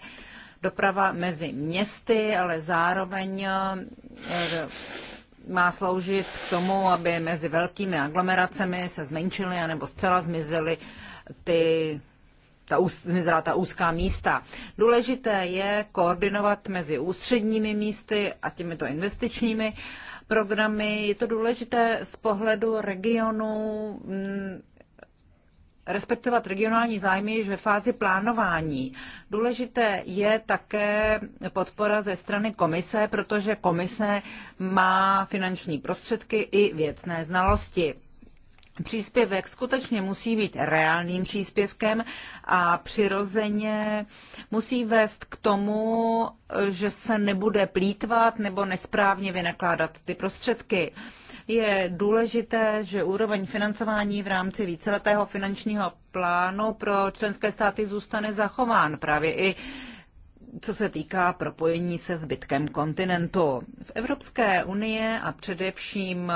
doprava mezi městy, ale zároveň eh, má sloužit k tomu, aby mezi velkými aglomeracemi se zmenšily anebo zcela zmizely ty ta, zmizela ta úzká místa. Důležité je koordinovat mezi ústředními místy a těmito investičními programy. Je to důležité z pohledu regionu mm, respektovat regionální zájmy již ve fázi plánování. Důležité je také podpora ze strany komise, protože komise má finanční prostředky i věcné znalosti. Příspěvek skutečně musí být reálným příspěvkem a přirozeně musí vést k tomu, že se nebude plítvat nebo nesprávně vynakládat ty prostředky. Je důležité, že úroveň financování v rámci víceletého finančního plánu pro členské státy zůstane zachován právě i co se týká propojení se zbytkem kontinentu. V Evropské unii a především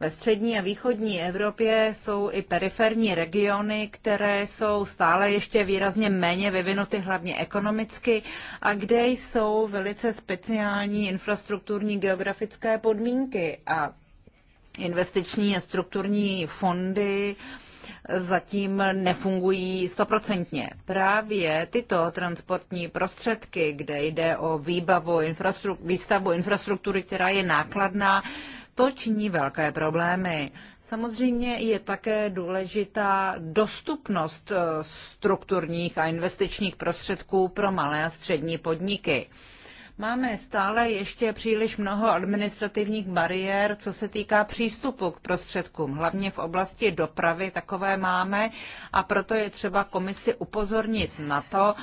ve střední a východní Evropě jsou i periferní regiony, které jsou stále ještě výrazně méně vyvinuty, hlavně ekonomicky, a kde jsou velice speciální infrastrukturní geografické podmínky a investiční a strukturní fondy zatím nefungují stoprocentně. Právě tyto transportní prostředky, kde jde o výbavu, infrastru- výstavbu infrastruktury, která je nákladná, to činí velké problémy. Samozřejmě je také důležitá dostupnost eh, strukturních a investičních prostředků pro malé a střední podniky. Máme stále ještě příliš mnoho administrativních bariér, co se týká přístupu k prostředkům. Hlavně v oblasti dopravy takové máme a proto je třeba komisi upozornit na to,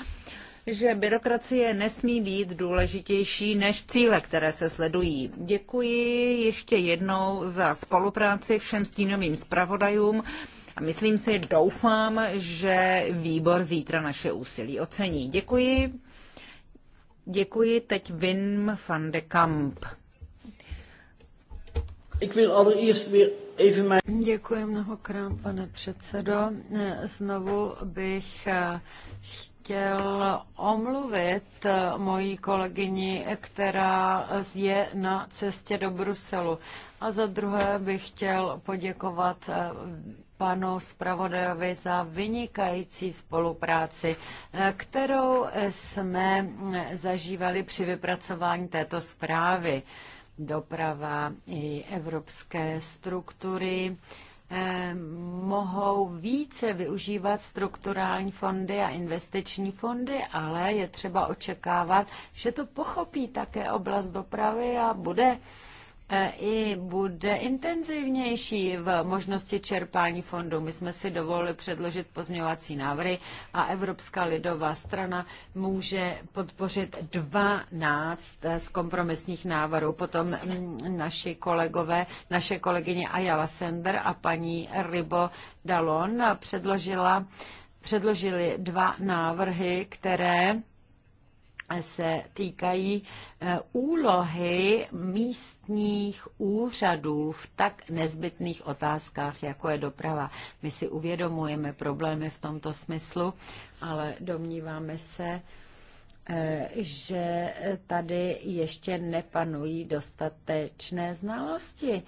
že byrokracie nesmí být důležitější než cíle, které se sledují. Děkuji ještě jednou za spolupráci všem stínovým zpravodajům a myslím si, doufám, že výbor zítra naše úsilí ocení. Děkuji. Děkuji teď Wim van de Kamp. Děkuji mnohokrát, pane předsedo. Znovu bych eh, chtěl omluvit moji kolegyni, která je na cestě do Bruselu. A za druhé bych chtěl poděkovat eh, panu zpravodajovi za vynikající spolupráci, eh, kterou jsme zažívali při vypracování této zprávy. Doprava i evropské struktury Ehm, mohou více využívat strukturální fondy a investiční fondy, ale je třeba očekávat, že to pochopí také oblast dopravy a bude i bude intenzivnější v možnosti čerpání fondů. My jsme si dovolili předložit pozměňovací návrhy a Evropská lidová strana může podpořit 12 z kompromisních návrhů. Potom mm, naši kolegové, naše kolegyně Ayala Sender a paní Ribo Dalon předložila, předložili dva návrhy, které se týkají eh, úlohy místních úřadů v tak nezbytných otázkách, jako je doprava. My si uvědomujeme problémy v tomto smyslu, ale domníváme se, eh, že tady ještě nepanují dostatečné znalosti.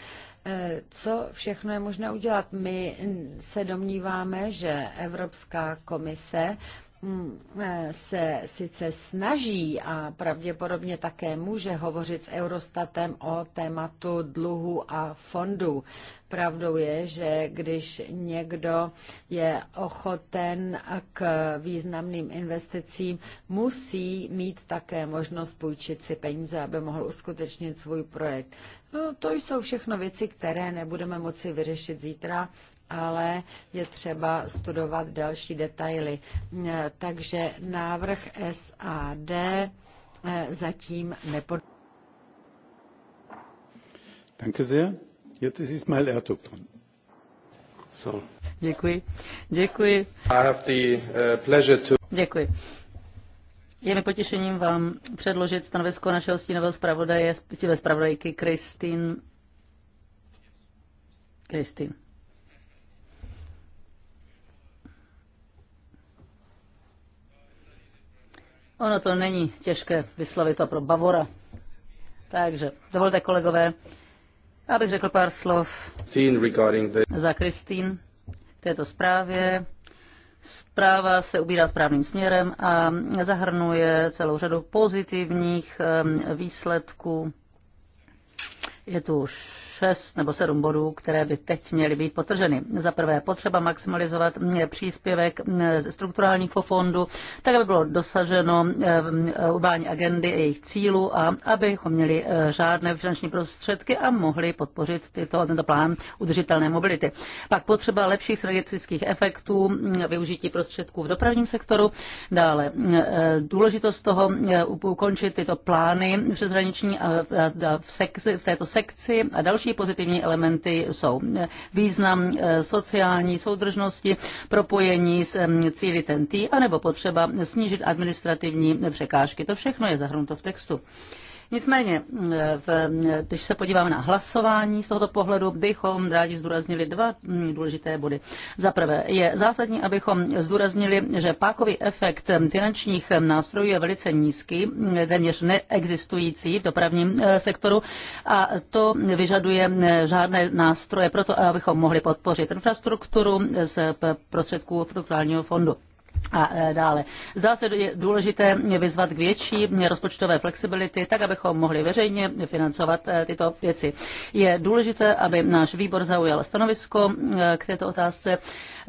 Eh, co všechno je možné udělat? My se domníváme, že Evropská komise Mm, eh, se sice snaží a pravděpodobně také může hovořit s Eurostatem o tématu dluhu a fondů. Pravdou je, že když někdo je ochoten k významným investicím, musí mít také možnost půjčit si peníze, aby mohl uskutečnit svůj projekt. No, to jsou všechno věci, které nebudeme moci vyřešit zítra, ale je třeba studovat další detaily. Takže návrh SAD e, zatím nepod... Danke sehr. Jetzt ist Ismail Ertug dran. So. Děkuji. Děkuji. I have the, uh, pleasure to... Děkuji. Je mi potěšením vám předložit stanovisko našeho stínového zpravodaje, stíle zpravodajky Kristýn. Kristýn. Ono to není těžké vyslovit to pro Bavora. Takže dovolte kolegové, abych řekl pár slov za Kristýn k této zprávě. Zpráva se ubírá správným směrem a zahrnuje celou řadu pozitivních výsledků je tu šest nebo sedm bodů, které by teď měly být potrženy. Za prvé potřeba maximalizovat eh, příspěvek eh, strukturálních fondů, tak aby bylo dosaženo eh, urbání agendy a jejich cílu a abychom měli řádné finanční prostředky a mohli podpořit tyto, tento plán udržitelné mobility. Pak potřeba lepších synergetických efektů, mm, využití prostředků v dopravním sektoru, dále důležitost toho ukončit tyto plány přeshraniční a v, v, v, v té této sekci a další pozitivní elementy jsou eh, význam eh, sociální soudržnosti, propojení s cíly TNT, anebo potřeba snížit administrativní překážky. To všechno je zahrnuto v textu. Nicméně, v, když se podíváme na hlasování z tohoto pohledu, bychom rádi zdůraznili dva důležité body. Za prvé je zásadní, abychom zdůraznili, že pákový efekt finančních nástrojů je velice nízký, téměř neexistující v dopravním eh, sektoru a to vyžaduje eh, žádné nástroje pro to, abychom mohli podpořit infrastrukturu z prostředků strukturálního fondu a e, dále. Zdá se důležité vyzvat k větší rozpočtové flexibility, tak abychom mohli veřejně financovat e, tyto věci. Je důležité, aby náš výbor zaujal stanovisko e, k této otázce,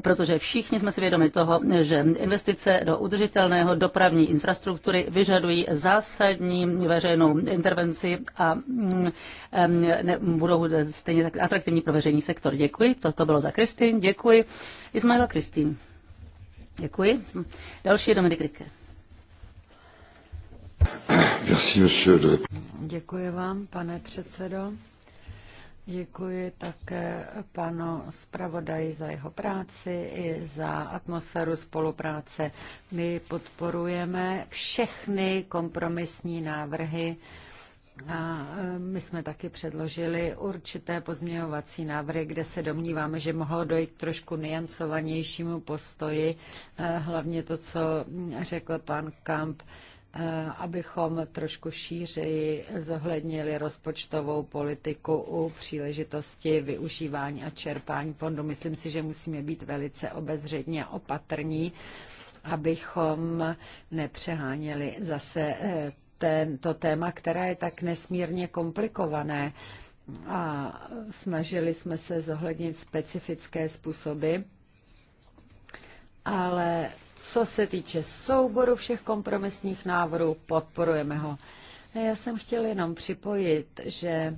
protože všichni jsme si vědomi toho, že investice do udržitelného dopravní infrastruktury vyžadují zásadní veřejnou intervenci a mm, budou stejně tak atraktivní pro veřejný sektor. Děkuji. Toto bylo za Kristin. Děkuji. Ismaila Kristin. Děkuji. Další je Dominik Rike. Děkuji vám, pane předsedo. Děkuji také panu zpravodaji za jeho práci i za atmosféru spolupráce. My podporujeme všechny kompromisní návrhy, a eh, my jsme taky předložili určité pozměňovací návrhy, kde se domníváme, že mohlo dojít k trošku niancovanějšímu postoji, eh, hlavně to, co řekl pan Kamp, eh, abychom trošku šířeji zohlednili rozpočtovou politiku u příležitosti využívání a čerpání fondu. Myslím si, že musíme být velice obezřetně opatrní, abychom nepřeháněli zase ten, to téma, které je tak nesmírně komplikované a snažili jsme se zohlednit specifické způsoby. Ale co se týče souboru všech kompromisních návrhů, podporujeme ho. Já jsem chtěl jenom připojit, že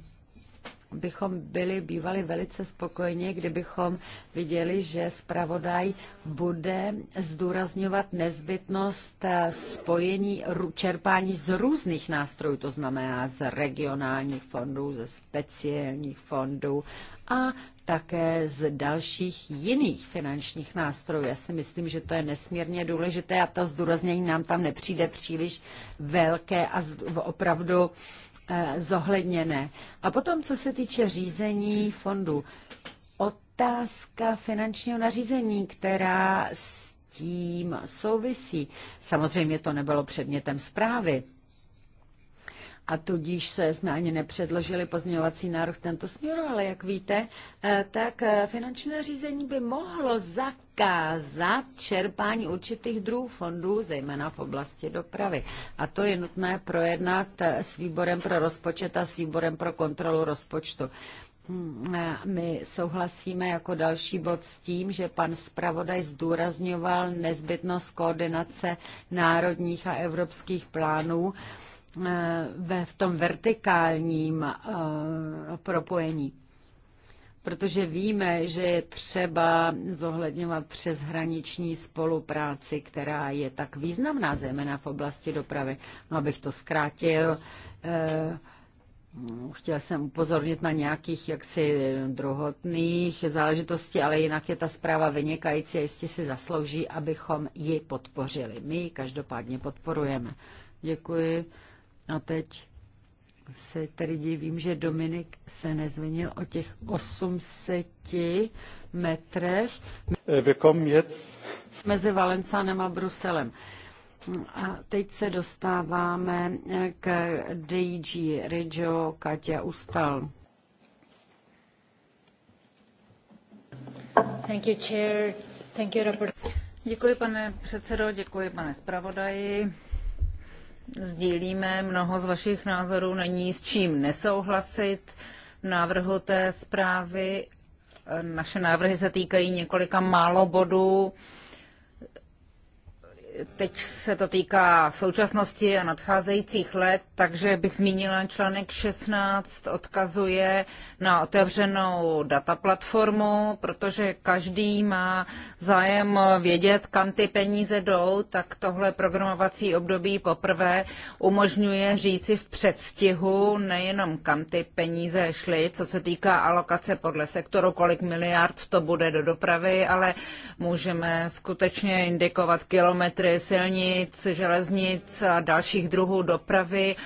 bychom byli bývali velice spokojeni, kdybychom viděli, že zpravodaj bude zdůrazňovat nezbytnost eh, spojení čerpání z různých nástrojů, to znamená z regionálních fondů, ze speciálních fondů a také z dalších jiných finančních nástrojů. Já si myslím, že to je nesmírně důležité a to zdůraznění nám tam nepřijde příliš velké a opravdu uh, Eh, zohledněné. A potom, co se týče řízení fondu, otázka finančního nařízení, která s tím souvisí. Samozřejmě to nebylo předmětem zprávy, a tudíž se jsme ani nepředložili pozměňovací nárok v tento směru, ale jak víte, eh, tak eh, finanční řízení by mohlo zakázat čerpání určitých druhů fondů, zejména v oblasti dopravy. A to je nutné projednat eh, s výborem pro rozpočet a s výborem pro kontrolu rozpočtu. Hm, my souhlasíme jako další bod s tím, že pan zpravodaj zdůrazňoval nezbytnost koordinace národních a evropských plánů Eh, ve, v tom vertikálním eh, propojení. Protože víme, že je třeba zohledňovat přeshraniční spolupráci, která je tak významná, zejména v oblasti dopravy. No, abych to zkrátil, eh, chtěl jsem upozornit na nějakých jaksi druhotných záležitostí, ale jinak je ta zpráva vynikající a jistě si zaslouží, abychom ji podpořili. My ji každopádně podporujeme. Děkuji. A teď se tedy divím, že Dominik se nezvinil o těch 800 metrech mezi Valencánem a Bruselem. A teď se dostáváme k DG Regio Katia Ustal. Thank you, chair. Thank you, Robert. Děkuji, pane předsedo, děkuji, pane zpravodaji. Sdílíme mnoho z vašich názorů, není s čím nesouhlasit návrhu té zprávy. Naše návrhy se týkají několika málo bodů. Teď se to týká současnosti a nadcházejících let, takže bych zmínila článek 16, odkazuje na otevřenou dataplatformu, protože každý má zájem vědět, kam ty peníze jdou, tak tohle programovací období poprvé umožňuje říci v předstihu nejenom kam ty peníze šly, co se týká alokace podle sektoru, kolik miliard to bude do dopravy, ale můžeme skutečně indikovat kilometry silnic, železnic a dalších druhů dopravy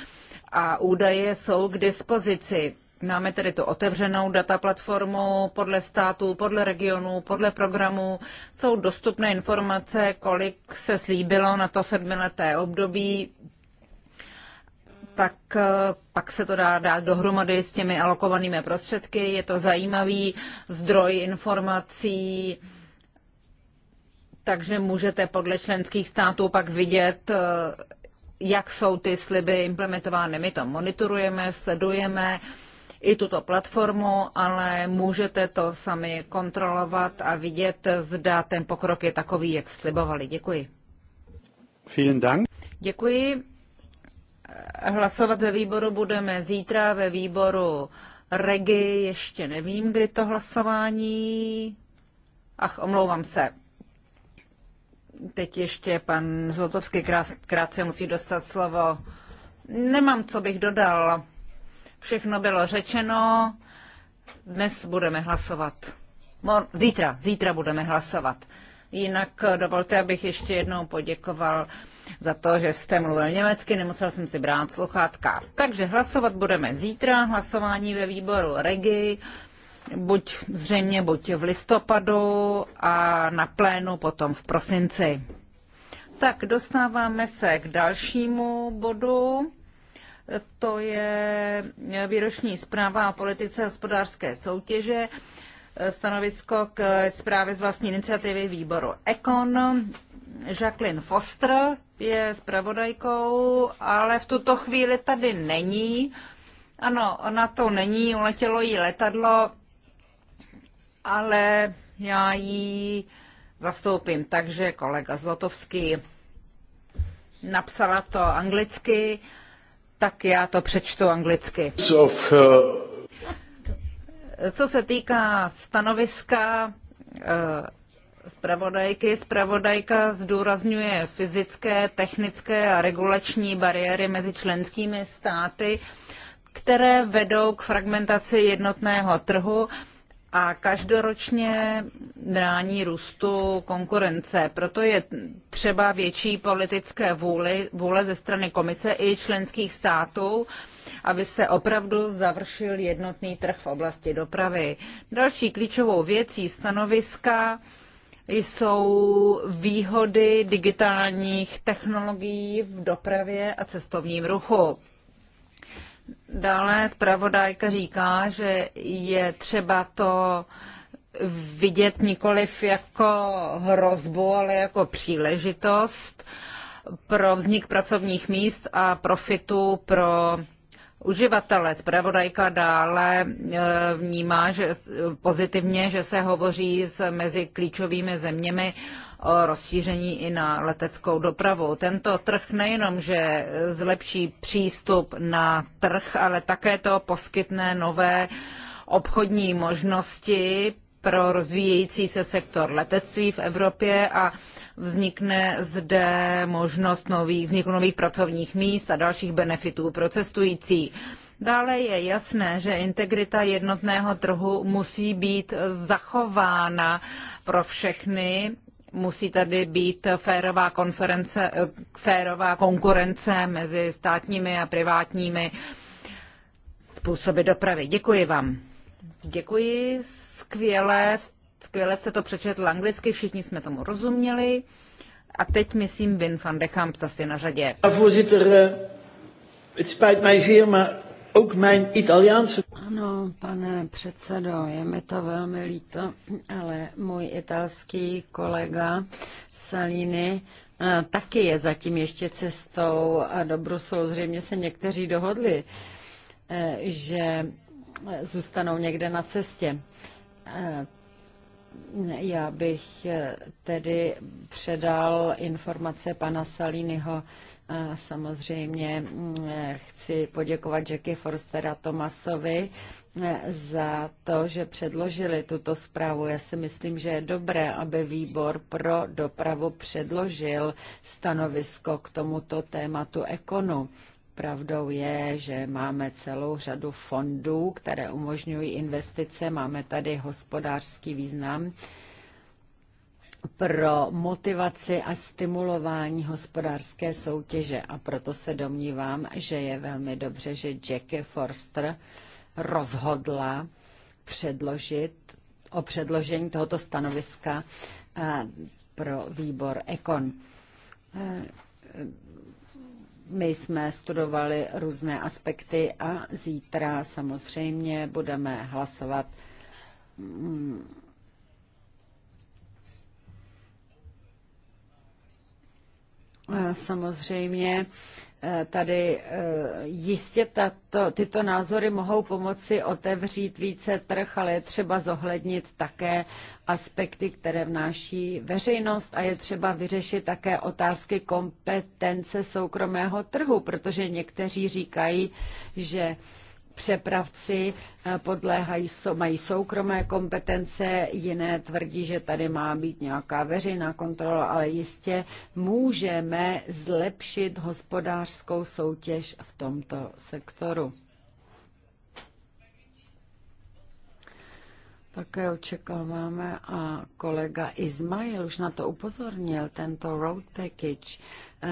a údaje jsou k dispozici. Máme tedy tu otevřenou data platformu podle států, podle regionů, podle programů. Jsou dostupné informace, kolik se slíbilo na to sedmileté období, tak eh, pak se to dá dát dohromady s těmi alokovanými prostředky. Je to zajímavý zdroj informací, takže můžete podle členských států pak vidět, eh, jak jsou ty sliby implementovány. My to monitorujeme, sledujeme i tuto platformu, ale můžete to sami kontrolovat a vidět, zda ten pokrok je takový, jak slibovali. Děkuji. Vielen Dank. Děkuji. Hlasovat ve výboru budeme zítra ve výboru Regi. Ještě nevím, kdy to hlasování. Ach, omlouvám se. Teď ještě pan Zlotovský krát, krátce musí dostat slovo. Nemám, co bych dodal. Všechno bylo řečeno. Dnes budeme hlasovat. Zítra, zítra budeme hlasovat. Jinak eh, dovolte, abych ještě jednou poděkoval za to, že jste mluvil německy, nemusel jsem si brát sluchátka. Takže hlasovat budeme zítra, hlasování ve výboru Regi buď zřejmě buď v listopadu a na plénu potom v prosinci. Tak dostáváme se k dalšímu bodu. To je výroční zpráva o politice hospodářské soutěže. Stanovisko k zprávě z vlastní iniciativy výboru Econ. Jacqueline Foster je zpravodajkou, ale v tuto chvíli tady není. Ano, ona to není, uletělo jí letadlo, ale já ji zastoupím, takže kolega Zlotovský napsala to anglicky, tak já to přečtu anglicky. Uh, Co se týká stanoviska eh, zpravodajky, zpravodajka zdůrazňuje fyzické, technické a regulační bariéry mezi členskými státy, které vedou k fragmentaci jednotného trhu a každoročně brání růstu konkurence. Proto je třeba větší politické vůli, vůle ze strany komise i členských států, aby se opravdu završil jednotný trh v oblasti dopravy. Další klíčovou věcí stanoviska jsou výhody digitálních technologií v dopravě a cestovním ruchu. Dále zpravodajka říká, že je třeba to vidět nikoliv jako hrozbu, ale jako příležitost pro vznik pracovních míst a profitu pro uživatele. Spravodajka dále e, vnímá že pozitivně, že se hovoří s mezi klíčovými zeměmi o rozšíření i na leteckou dopravu. Tento trh nejenom, že zlepší přístup na trh, ale také to poskytne nové obchodní možnosti pro rozvíjející se sektor letectví v Evropě a Vznikne zde možnost nových, vzniku nových pracovních míst a dalších benefitů pro cestující. Dále je jasné, že integrita jednotného trhu musí být zachována pro všechny. Musí tady být férová, konference, férová konkurence mezi státními a privátními způsoby dopravy. Děkuji vám. Děkuji, skvělé skvěle jste to přečetl anglicky, všichni jsme tomu rozuměli. A teď, myslím, Vin van de Kamp zase na řadě. Voorzitter, eh, het spijt mij zeer, maar ook mijn Italiaanse... Ano, pane předsedo, je mi to velmi líto, ale můj italský kolega Salini eh, taky je zatím ještě cestou a do Bruselu. Zřejmě se někteří dohodli, eh, že zůstanou někde na cestě. Já bych eh, tedy předal informace pana Salínyho. Samozřejmě mm, eh, chci poděkovat Jackie Forstera Tomasovi eh, za to, že předložili tuto zprávu. Já si myslím, že je dobré, aby výbor pro dopravu předložil stanovisko k tomuto tématu ekonu. Pravdou je, že máme celou řadu fondů, které umožňují investice. Máme tady hospodářský význam pro motivaci a stimulování hospodářské soutěže. A proto se domnívám, že je velmi dobře, že Jackie Forster rozhodla předložit o předložení tohoto stanoviska eh, pro výbor Econ. Eh, my jsme studovali různé aspekty a zítra samozřejmě budeme hlasovat Samozřejmě Eh, tady eh, jistě tato, tyto názory mohou pomoci otevřít více trh, ale je třeba zohlednit také aspekty, které vnáší veřejnost a je třeba vyřešit také otázky kompetence soukromého trhu, protože někteří říkají, že přepravci eh, podléhají, mají soukromé kompetence, jiné tvrdí, že tady má být nějaká veřejná kontrola, ale jistě můžeme zlepšit hospodářskou soutěž v tomto sektoru. Také očekáváme a kolega Ismail už na to upozornil, tento road package, eh,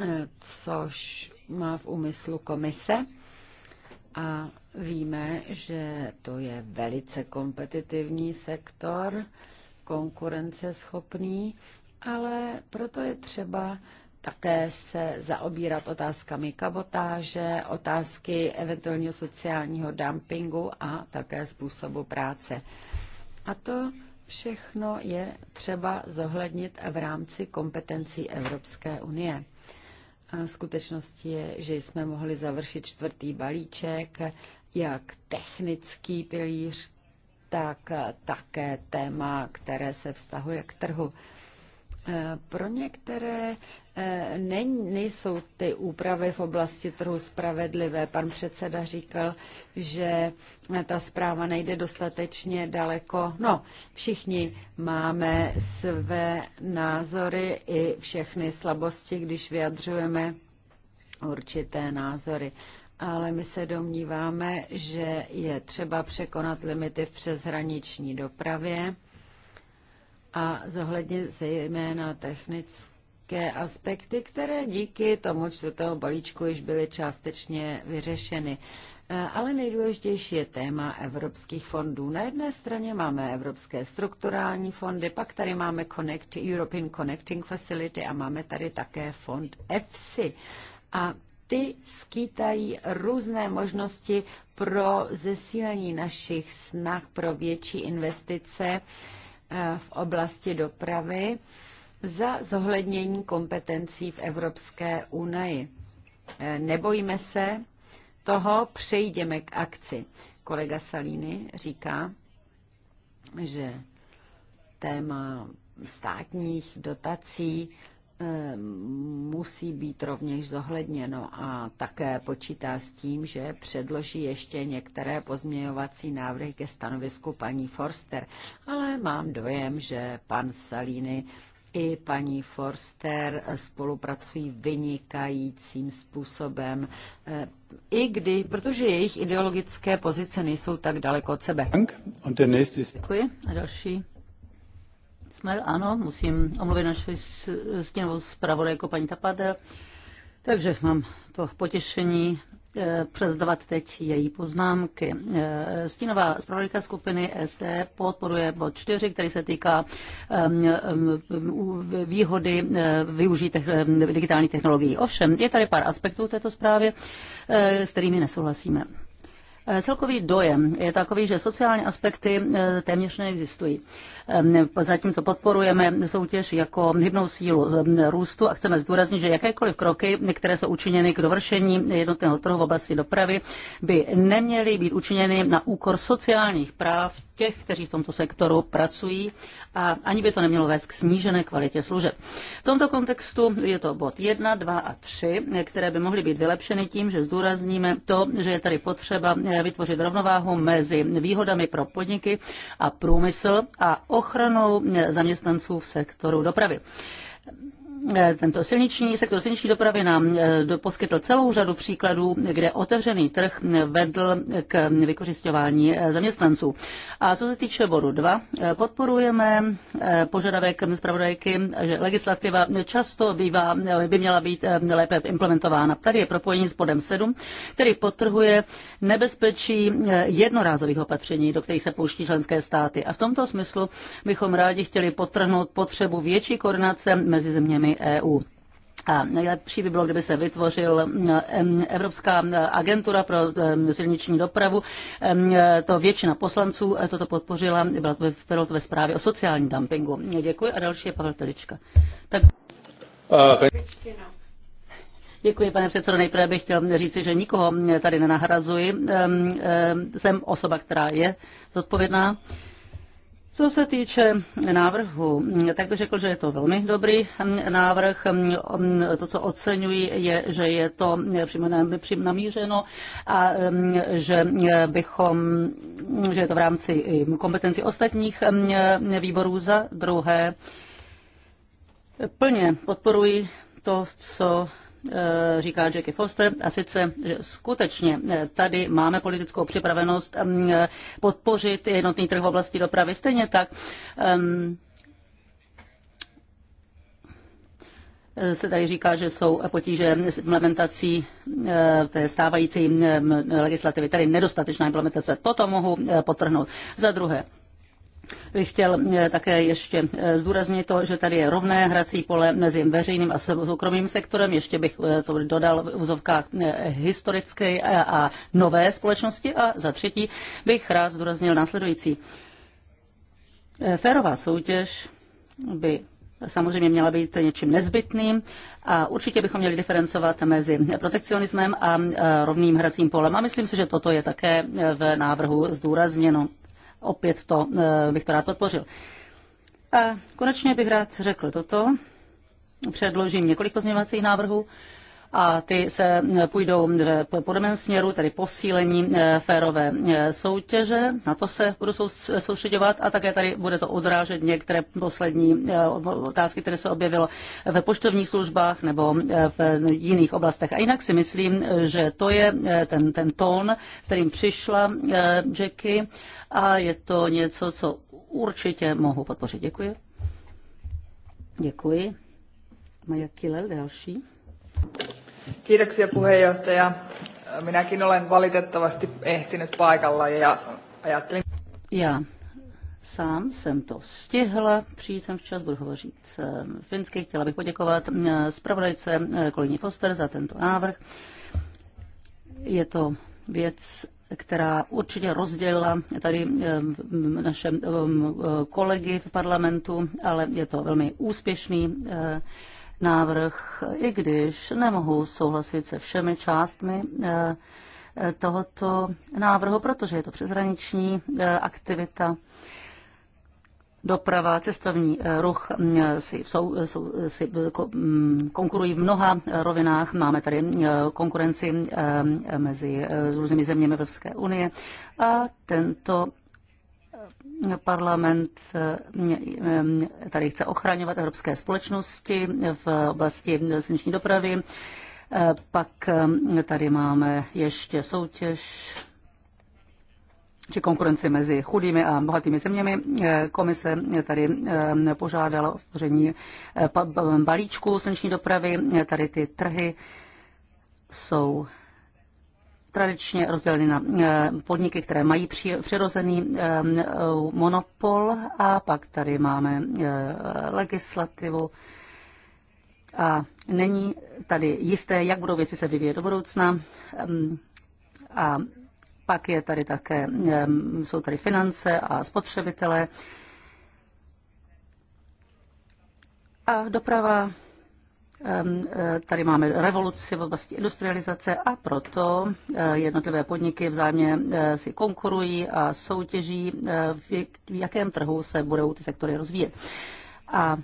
eh, což má v úmyslu komise a víme, že to je velice kompetitivní sektor, konkurenceschopný, ale proto je třeba také se zaobírat otázkami kabotáže, otázky eventuálního sociálního dumpingu a také způsobu práce. A to všechno je třeba zohlednit v rámci kompetencí Evropské unie. Skutečností je, že jsme mohli završit čtvrtý balíček, jak technický pilíř, tak také téma, které se vztahuje k trhu. Eh, pro některé eh, ne, nejsou ty úpravy v oblasti trhu spravedlivé. Pan předseda říkal, že eh, ta zpráva nejde dostatečně daleko. No, všichni máme své názory i všechny slabosti, když vyjadřujeme určité názory ale my se domníváme, že je třeba překonat limity v přeshraniční dopravě a zohlednit zejména technické aspekty, které díky tomu čtvrtého balíčku již byly částečně vyřešeny. E, ale nejdůležitější je téma evropských fondů. Na jedné straně máme evropské strukturální fondy, pak tady máme Connect, European Connecting Facility a máme tady také fond EFSI. A ty skýtají různé možnosti pro zesílení našich snah pro větší investice Eh, v oblasti dopravy za zohlednění kompetencí v Evropské unii. Eh, nebojíme se toho, přejdeme k akci. Kolega Salíny říká, že téma státních dotací Eh, musí být rovněž zohledněno a také počítá s tím, že předloží ještě některé pozměňovací návrhy ke stanovisku paní Forster, ale mám dojem, že pan Salíny i paní Forster spolupracují vynikajícím způsobem, eh, i kdy, protože jejich ideologické pozice nejsou tak daleko od sebe. Děkuji. A další ano, musím omluvit naši stěnovou zpravodajku paní Tapadel. Takže mám to potěšení eh, přezdovat teď její poznámky. Eh, stínová zpravodajka skupiny SD podporuje bod 4, který se týká ehm, ehm, výhody eh, využít ehm, digitální technologií. Ovšem, je tady pár aspektů této zprávy, s kterými nesouhlasíme. Eh, celkový dojem je takový, že sociální aspekty eh, téměř neexistují. Ehm, zatímco podporujeme soutěž jako hybnou sílu ehm, růstu a chceme zdůraznit, že jakékoliv kroky, které jsou učiněny k dovršení jednotného trhu v oblasti dopravy, by neměly být učiněny na úkor sociálních práv těch, kteří v tomto sektoru pracují a ani by to nemělo vést k snížené kvalitě služeb. V tomto kontextu je to bod 1, 2 a 3, které by mohly být vylepšeny tím, že zdůrazníme to, že je tady potřeba vytvořit rovnováhu mezi výhodami pro podniky a průmysl a ochranou zaměstnanců v sektoru dopravy. Eh, tento silniční sektor silniční dopravy nám eh, poskytl celou řadu příkladů, kde otevřený trh eh, vedl k vykořišťování zaměstnanců. A co se týče bodu 2, podporujeme požadavek zpravodajky, že legislativa často bývá, by měla být lépe implementována. Tady je propojení s bodem 7, který potrhuje nebezpečí jednorázových opatření, do kterých se pouští členské státy. A v tomto smyslu bychom rádi chtěli potrhnout potřebu větší koordinace mezi zeměmi EU. A nejlepší by bylo, kdyby se vytvořil Evropská agentura pro silniční dopravu. To většina poslanců e, toto podpořila, bylo to ve zprávě o sociálním dumpingu. Děkuji a další je Pavel Telička. Tak... Děkuji, pane předsedo. Nejprve bych chtěl říci, že nikoho tady nenahrazuji. Jsem osoba, která je zodpovědná co se týče návrhu, tak bych řekl, že je to velmi dobrý návrh. To, co oceňuji, je, že je to přímo namířeno a um, že, bychom, že je to v rámci um, kompetenci ostatních um, výborů za druhé. Plně podporuji to, co Eh, říká Jackie Foster, a sice, že skutečně eh, tady máme politickou připravenost mm, eh, podpořit jednotný trh v oblasti dopravy. Stejně tak ehm, se tady říká, že jsou potíže s implementací té stávající ehm, legislativy, tedy nedostatečná implementace. Toto mohu potrhnout. Za druhé, bych chtěl eh, také ještě eh, zdůraznit to, že tady je rovné hrací pole mezi veřejným a soukromým sektorem. Ještě bych eh, to dodal v úzovkách historické a nové společnosti. A za třetí bych rád zdůraznil následující. Férová soutěž by samozřejmě měla být něčím nezbytným a určitě bychom měli diferencovat mezi protekcionismem a rovným hracím polem. A myslím si, že toto je také v návrhu zdůrazněno opět to eh, bych to rád podpořil. A konečně bych rád řekl toto. Předložím několik pozměňovacích návrhů a ty se eh, půjdou v eh, podobném směru, tedy posílení eh, férové soutěže, na to se budu soustředovat a také tady bude to odrážet některé poslední otázky, které se objevilo ve poštovních službách nebo v jiných oblastech. A jinak si myslím, že to je ten, ten tón, s kterým přišla Jackie a je to něco, co určitě mohu podpořit. Děkuji. Děkuji. Maja Kilel, další. Kiitoksia puheenjohtaja. Minäkin olen valitettavasti ehtinyt paikalla ja ajattelin... Ja sám jsem to stihla, přijít jsem včas, budu hovořit eh, finsky. Chtěla bych poděkovat eh, zpravodajce eh, kolegyni Foster za tento návrh. Je to věc, která určitě rozdělila tady naše kolegy v parlamentu, ale je to velmi úspěšný návrh, i když nemohu souhlasit se všemi částmi eh, eh, tohoto návrhu, protože je to přeshraniční eh, aktivita. Doprava, cestovní ruch si, jsou, jsou, si mm, konkurují v mnoha rovinách. Máme tady konkurenci mezi různými zeměmi Evropské unie a tento Parlament eh, eh, tady chce ochraňovat evropské společnosti v oblasti silniční dopravy. Eh, pak tady máme ještě soutěž či konkurenci mezi chudými a bohatými zeměmi. Komise tady požádala o vtvoření balíčku slunční dopravy. Tady ty trhy jsou tradičně rozděleny na eh, podniky, které mají přirozený eh, monopol a pak tady máme eh, legislativu a není tady jisté, jak budou věci se vyvíjet do budoucna ehm, a pak je tady také, ehm, jsou tady finance a spotřebitelé. A doprava Eh, tady máme revoluci v oblasti industrializace a proto eh, jednotlivé podniky vzájemně eh, si konkurují a soutěží, v jakém trhu se budou ty sektory rozvíjet. A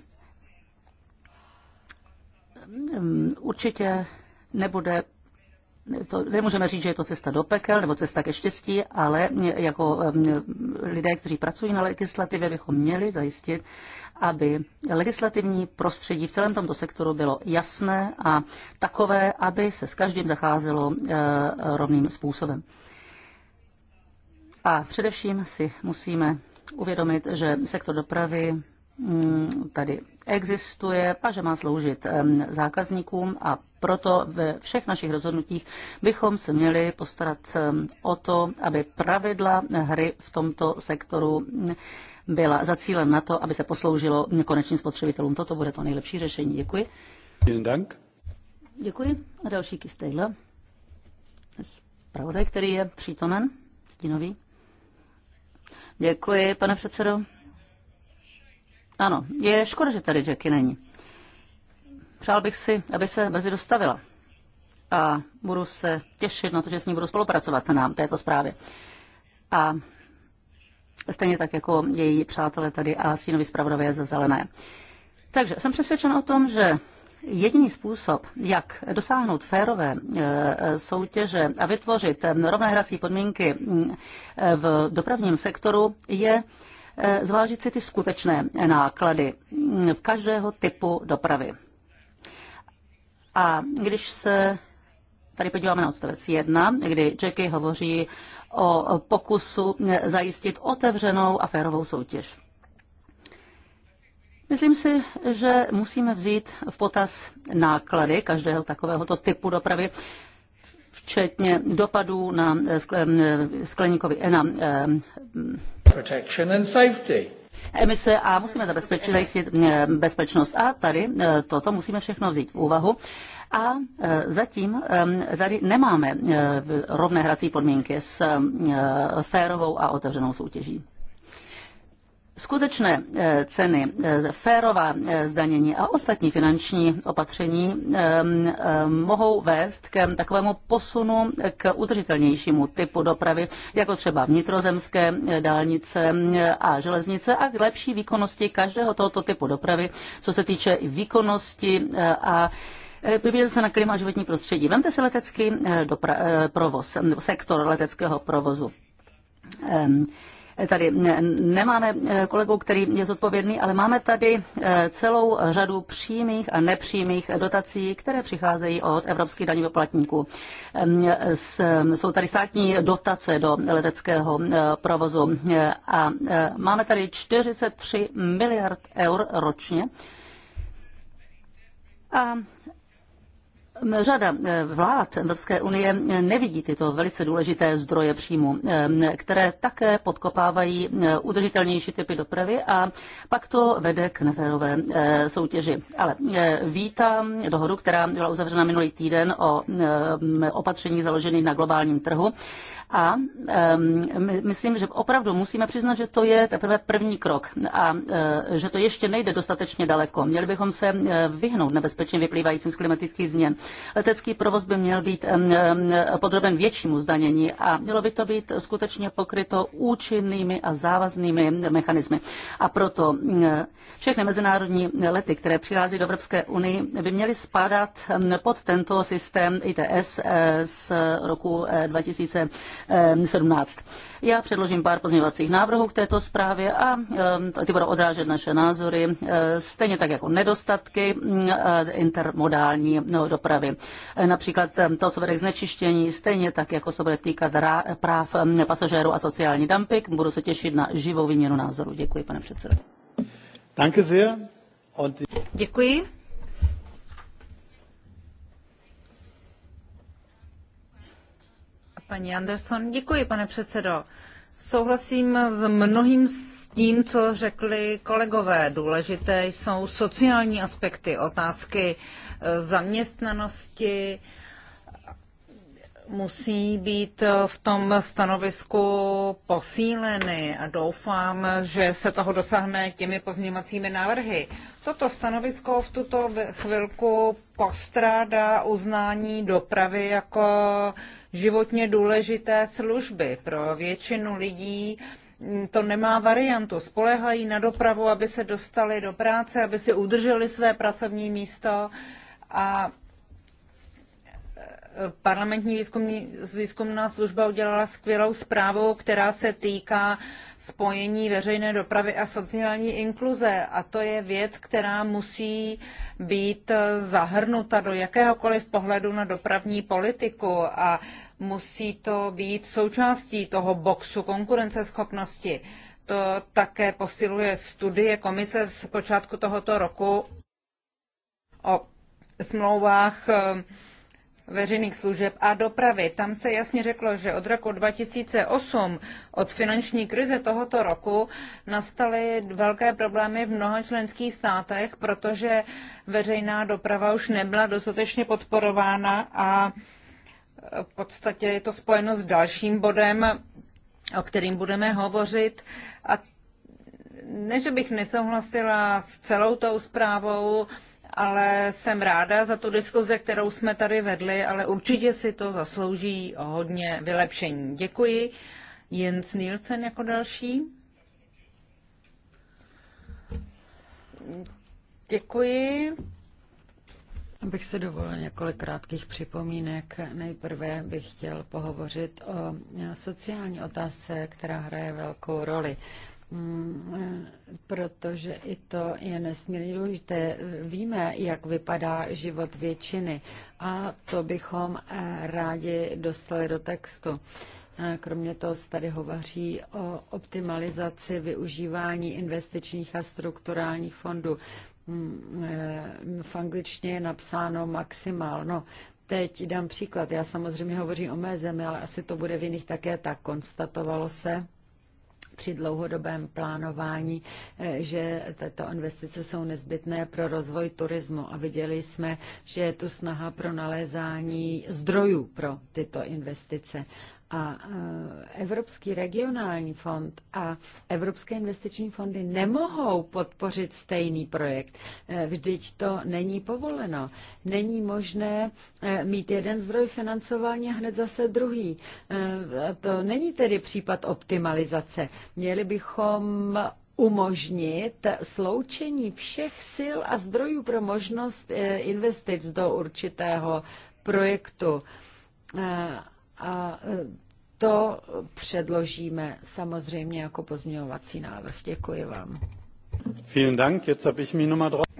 určitě nebude to nemůžeme říct, že je to cesta do pekel nebo cesta ke štěstí, ale jako lidé, kteří pracují na legislativě, bychom měli zajistit, aby legislativní prostředí v celém tomto sektoru bylo jasné a takové, aby se s každým zacházelo eh, rovným způsobem. A především si musíme uvědomit, že sektor dopravy mm, tady existuje a že má sloužit zákazníkům a proto ve všech našich rozhodnutích bychom se měli postarat o to, aby pravidla hry v tomto sektoru byla cílem na to, aby se posloužilo nekonečným spotřebitelům. Toto bude to nejlepší řešení. Děkuji. Dank. Děkuji. A další Taylor. Zpravodaj, který je přítomen, stínový. Děkuji, pane předsedo. Ano, je škoda, že tady Jackie není. Přál bych si, aby se brzy dostavila. A budu se těšit na to, že s ní budu spolupracovat na této zprávě. A stejně tak jako její přátelé tady a stínoví zpravodavé ze zelené. Takže jsem přesvědčen o tom, že Jediný způsob, jak dosáhnout férové e, soutěže a vytvořit e, rovné hrací podmínky e, v dopravním sektoru, je zvážit si ty skutečné náklady v každého typu dopravy. A když se tady podíváme na odstavec 1, kdy Jackie hovoří o pokusu zajistit otevřenou a férovou soutěž. Myslím si, že musíme vzít v potaz náklady každého takovéhoto typu dopravy, včetně dopadů na skleníkový, eh, na eh, protection and safety emise a musíme zabezpečit, zajistit eh, bezpečnost. A tady toto musíme všechno vzít v úvahu a e, zatím e, tady nemáme e, rovné hrací podmínky s férovou a otevřenou soutěží skutečné ceny, férová zdanění a ostatní finanční opatření mohou vést k takovému posunu k udržitelnějšímu typu dopravy, jako třeba vnitrozemské dálnice a železnice a k lepší výkonnosti každého tohoto typu dopravy, co se týče výkonnosti a podílel eh, se na klima a životní prostředí. Vemte si letecký eh, dopra- eh, provoz, sektor leteckého provozu. Ehm, tady nemáme kolegu, který je zodpovědný, ale máme tady celou řadu přímých a nepřímých dotací, které přicházejí od evropských daňových poplatníků. Ehm, jsou tady státní dotace do leteckého provozu a máme tady 43 miliard eur ročně. A Řada eh, vlád Evropské unie nevidí tyto velice důležité zdroje příjmu, eh, které také podkopávají eh, udržitelnější typy dopravy a pak to vede k neférové soutěži. Ale vítám dohodu, která byla uzavřena minulý týden o opatření založených na globálním trhu. A myslím, že opravdu musíme přiznat, že to je teprve první krok a e, že to ještě nejde dostatečně daleko. Měli bychom se e, vyhnout nebezpečně vyplývajícím z klimatických změn. Letecký provoz by měl být podroben většímu zdanění a mělo by to být skutečně pokryto účinnými a závaznými mechanismy. A proto všechny mezinárodní lety, které přichází do Evropské unii, by měly spadat pod tento systém ITS e, z roku 2000 17. Ehm, Já předložím pár pozměňovacích návrhů k této zprávě a ehm, ty budou odrážet naše názory, eh, stejně tak jako nedostatky eh, intermodální no, dopravy. Eh, například ehm, to, co vede k znečištění, stejně tak jako se bude týkat práv pasažérů a sociální dumping. Budu se těšit na živou výměnu názorů. Děkuji, pane předsedo. Děkuji. Paní Anderson, děkuji, pane předsedo. Souhlasím s mnohým s tím, co řekli kolegové. Důležité jsou sociální aspekty, otázky e, zaměstnanosti, musí být eh, v tom stanovisku posíleny a doufám, že se toho dosáhne těmi pozměňovacími návrhy. Toto stanovisko v tuto chvilku postrádá uznání dopravy jako životně důležité služby pro většinu lidí. Mm, to nemá variantu. Spolehají na dopravu, aby se dostali do práce, aby si udrželi své pracovní místo a parlamentní výzkumní, výzkumná služba udělala skvělou zprávu, která se týká spojení veřejné dopravy a sociální inkluze. A to je věc, která musí být zahrnuta do jakéhokoliv pohledu na dopravní politiku a musí to být součástí toho boxu konkurenceschopnosti. To také posiluje studie komise z počátku tohoto roku o smlouvách eh, veřejných služeb a dopravy. Tam se jasně řeklo, že od roku 2008, od finanční krize tohoto roku, nastaly velké problémy v mnoha členských státech, protože veřejná doprava už nebyla dostatečně podporována a v podstatě je to spojeno s dalším bodem, o kterým budeme hovořit. A ne, že bych nesouhlasila s celou tou zprávou, ale jsem ráda za tu diskuze, kterou jsme tady vedli, ale určitě si to zaslouží hodně vylepšení. Děkuji. Jens Nielsen jako další. Děkuji. Abych se dovolil několik krátkých připomínek. Nejprve bych chtěl pohovořit o sociální otázce, která hraje velkou roli. Mm, protože i to je nesmírně důležité. Víme, jak vypadá život většiny a to bychom eh, rádi dostali do textu. Eh, kromě toho se tady hovoří o optimalizaci využívání investičních a strukturálních fondů. Mm, eh, v angličtině je napsáno No, Teď dám příklad. Já samozřejmě hovořím o mé zemi, ale asi to bude v jiných také tak. Konstatovalo se, při dlouhodobém plánování, eh, že tato investice jsou nezbytné pro rozvoj turismu a viděli jsme, že je tu snaha pro nalézání zdrojů pro tyto investice a e, Evropský regionální fond a Evropské investiční fondy nemohou podpořit stejný projekt. E, vždyť to není povoleno. Není možné e, mít jeden zdroj financování a hned zase druhý. To není tedy případ optimalizace. Měli bychom umožnit sloučení všech sil a zdrojů pro možnost investic do určitého projektu a e, to předložíme samozřejmě jako pozměňovací návrh. Děkuji vám.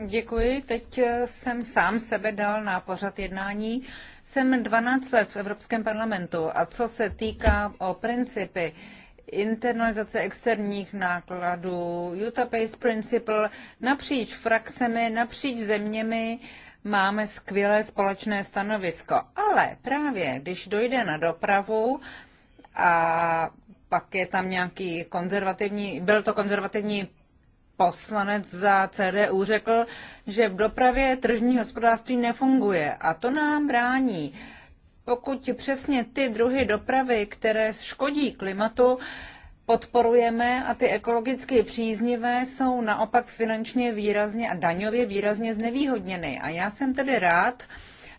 Děkuji, teď e, jsem sám sebe dal na pořad jednání. Jsem 12 let v Evropském parlamentu a co se týká o principy internalizace externích nákladů, Utah Pace Principle, napříč frakcemi, napříč zeměmi, máme skvělé společné stanovisko. Ale právě když dojde na dopravu a pak je tam nějaký konzervativní, byl to konzervativní poslanec za CDU řekl, že v dopravě tržní hospodářství nefunguje a to nám brání. Pokud přesně ty druhy dopravy, které škodí klimatu, podporujeme a ty ekologicky příznivé jsou naopak finančně výrazně a daňově výrazně znevýhodněny. A já jsem tedy rád,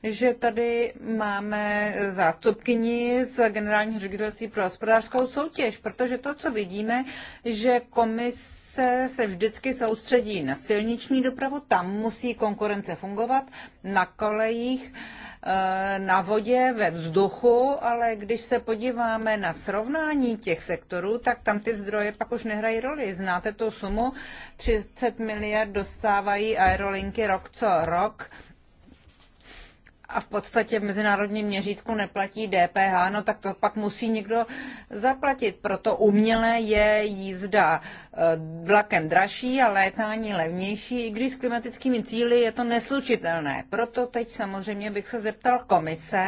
že tady máme zástupkyni z Generálního ředitelství pro hospodářskou soutěž, protože to, co vidíme, že komise se vždycky soustředí na silniční dopravu, tam musí konkurence fungovat, na kolejích Eh, na vodě, ve vzduchu, ale když se podíváme na srovnání těch sektorů, tak tam ty zdroje pak už nehrají roli. Znáte tu sumu? 30 miliard dostávají aerolinky rok co rok a v podstatě v mezinárodním měřítku neplatí DPH, no tak to pak musí někdo zaplatit. Proto umělé je jízda e, vlakem dražší a létání levnější, i když s klimatickými cíly je to neslučitelné. Proto teď samozřejmě bych se zeptal komise,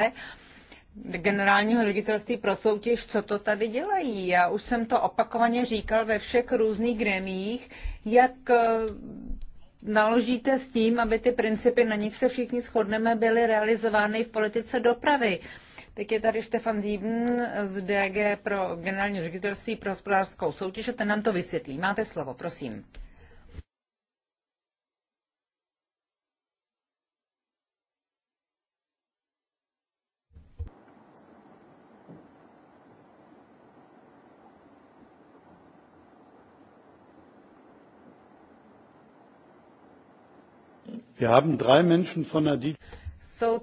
generálního ředitelství pro soutěž, co to tady dělají. Já už jsem to opakovaně říkal ve všech různých gremích, jak e, naložíte s tím, aby ty principy, na nich se všichni shodneme, byly realizovány v politice dopravy. Teď je tady Štefan Zíbn z DG pro generální ředitelství pro hospodářskou soutěž a ten nám to vysvětlí. Máte slovo, prosím. Jsou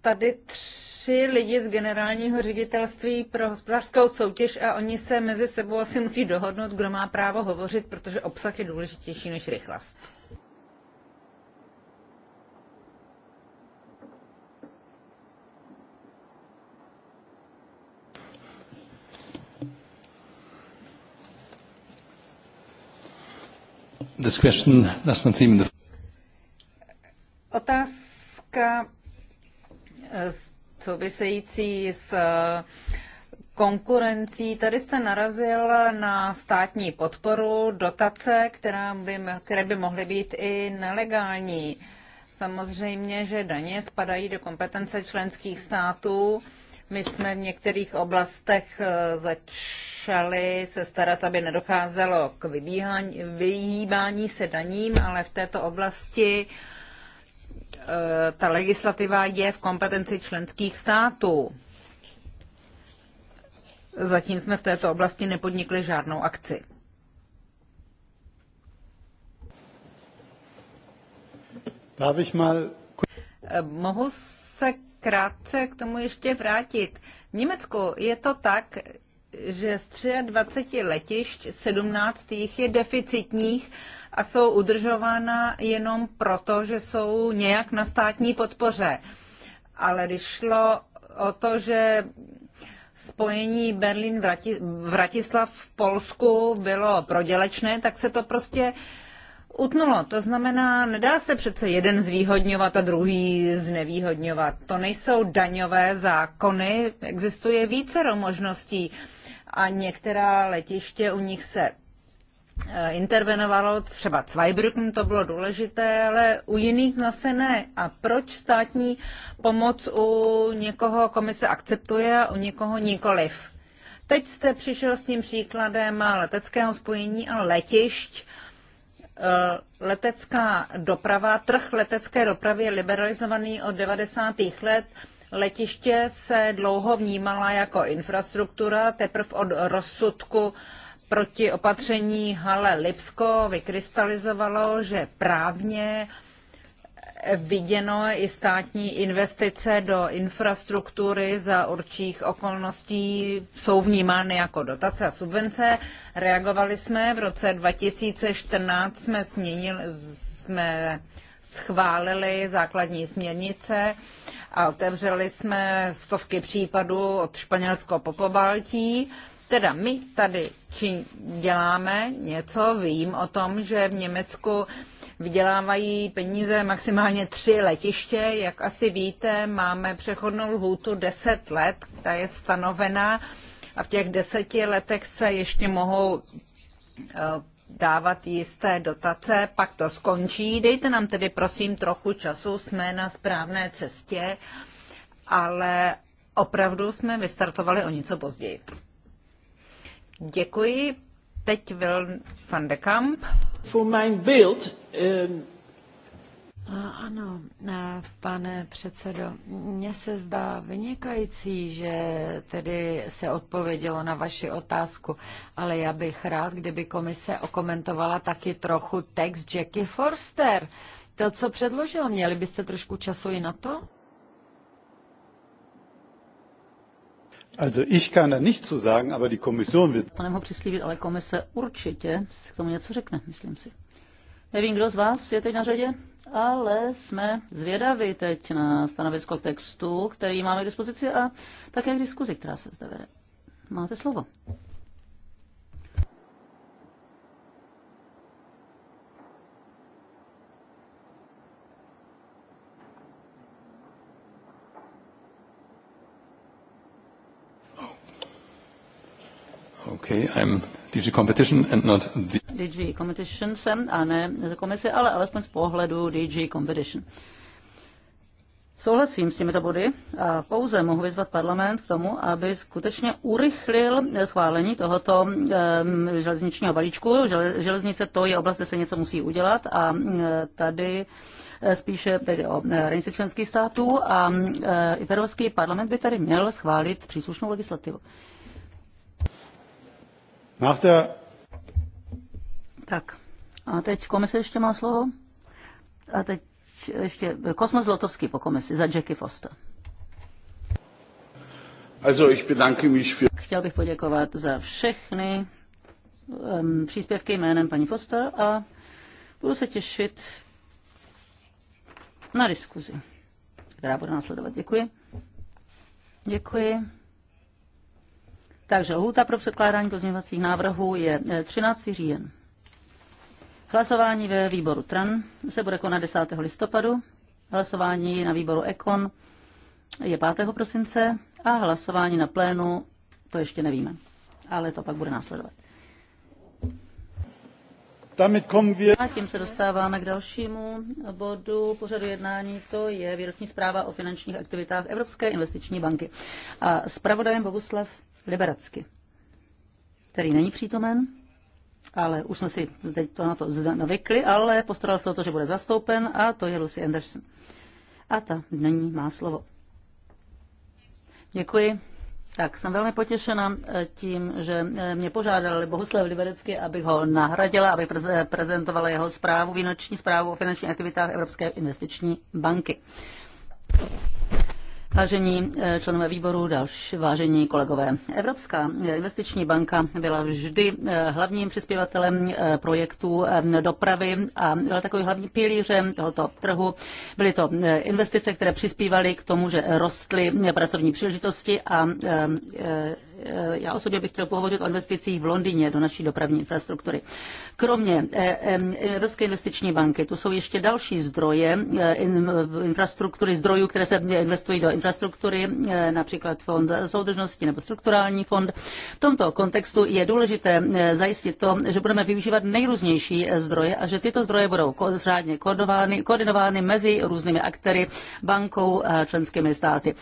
tady tři lidi z generálního ředitelství pro hospodářskou soutěž a oni se mezi sebou asi musí dohodnout, kdo má právo hovořit, protože obsah je důležitější než rychlost. This question does not seem the Otázka eh, související s eh, konkurencí. Tady jste narazil na státní podporu, dotace, která by, které by mohly být i nelegální. Samozřejmě, že daně spadají do kompetence členských států. My jsme v některých oblastech eh, začali se starat, aby nedocházelo k vyhýbání se daním, ale v této oblasti uh, Eh, ta legislativa je v kompetenci členských států. Zatím jsme v této oblasti nepodnikli žádnou akci. mal... Eh, mohu se krátce k tomu ještě vrátit. V Německu je to tak, že z 23 letišť 17 jich je deficitních a jsou udržována jenom proto, že jsou nějak na státní podpoře. Ale když šlo o to, že spojení Berlín-Vratislav v Polsku bylo prodělečné, tak se to prostě utnulo. To znamená, nedá se přece jeden zvýhodňovat a druhý znevýhodňovat. To nejsou daňové zákony, existuje více možností a některá letiště, u nich se e, intervenovalo, třeba Zweibrücken to bylo důležité, ale u jiných zase ne. A proč státní pomoc u někoho komise akceptuje a u někoho nikoliv? Teď jste přišel s tím příkladem leteckého spojení a letišť. E, letecká doprava, trh letecké dopravy je liberalizovaný od 90. let. Letiště se dlouho vnímala jako infrastruktura, teprve od rozsudku proti opatření Hale Lipsko vykrystalizovalo, že právně viděno i státní investice do infrastruktury za určitých okolností jsou vnímány jako dotace a subvence. Reagovali jsme v roce 2014, jsme, změnili, jsme schválili základní směrnice a otevřeli jsme stovky případů od Španělsko po Pobaltí. Teda my tady či děláme něco, vím o tom, že v Německu vydělávají peníze maximálně tři letiště. Jak asi víte, máme přechodnou lhůtu 10 let, ta je stanovená a v těch deseti letech se ještě mohou eh, dávat jisté dotace, pak to skončí. Dejte nám tedy prosím trochu času, jsme na správné cestě, ale opravdu jsme vystartovali o něco později. Děkuji. Teď Will van de Kamp. Voor mijn beeld um, ähm, ano, pane předsedo, mně se zdá vynikající, že tedy se odpovědělo na vaši otázku, ale já bych rád, kdyby komise okomentovala taky trochu text Jackie Forster. To, co předložil, měli byste trošku času i na to? Also ich kann da nichts zu sagen, aber die Kommission wird... Nemohu přislíbit, ale komise určitě k tomu něco řekne, myslím si. Nevím, kdo z vás je teď na řadě? ale jsme zvědaví teď na stanovisko textu, který máme k dispozici a také k diskuzi, která se zde vede. Máte slovo. Okay, I'm DG Competition and not the... DG Competition jsem a ne komise, ale alespoň z pohledu DG Competition. Souhlasím s těmito body a pouze mohu vyzvat parlament k tomu, aby skutečně urychlil schválení tohoto železničního balíčku. Železnice to je oblast, kde se něco musí udělat a tady eh, spíše tedy o eh, hranici členských států a Evropský eh, parlament by tady měl schválit příslušnou legislativu. Nach der... Tak, a teď komise ještě má slovo. A teď ještě Kosmos Lotovský po komisi za Jackie Foster. Also ich bedanke mich für... Chtěl bych poděkovat za všechny um, příspěvky jménem paní Foster a budu se těšit na diskuzi, která bude následovat. Děkuji. Děkuji. Takže lhůta pro předkládání pozměňovacích návrhů je 13. Eh, říjen. Hlasování ve výboru TRAN se bude konat 10. listopadu, hlasování na výboru EKON je 5. prosince a hlasování na plénu to ještě nevíme, ale to pak bude následovat. A tím se dostáváme k dalšímu bodu pořadu jednání, to je výroční zpráva o finančních aktivitách Evropské investiční banky. A zpravodajem Boguslav Liberacky, který není přítomen, ale už jsme si teď to na to zvykli, ale postaral se o to, že bude zastoupen a to je Lucy Anderson. A ta není má slovo. Děkuji. Tak jsem velmi potěšena eh, tím, že eh, mě požádali Bohuslav Liberecky, abych ho nahradila, abych eh, prezentovala jeho zprávu, výnoční zprávu o finančních aktivitách Evropské investiční banky. Vážení eh, členové výboru, další vážení kolegové. Evropská eh, investiční banka byla vždy eh, hlavním přispěvatelem projektů dopravy a byla takovým hlavním pilířem tohoto trhu. Byly to investice, které přispívaly k tomu, že rostly pracovní příležitosti a Eh, já osobně bych chtěl pohovořit o investicích v Londýně do naší dopravní infrastruktury. Kromě e Evropské investiční banky, tu jsou ještě další zdroje eh, infrastruktury, zdrojů, které se investují do infrastruktury, eh, například fond soudržnosti nebo strukturální fond. V tomto kontextu je důležité zajistit to, že budeme využívat nejrůznější zdroje a že tyto zdroje budou řádně koordinovány, koordinovány mezi různými aktéry, bankou a členskými státy.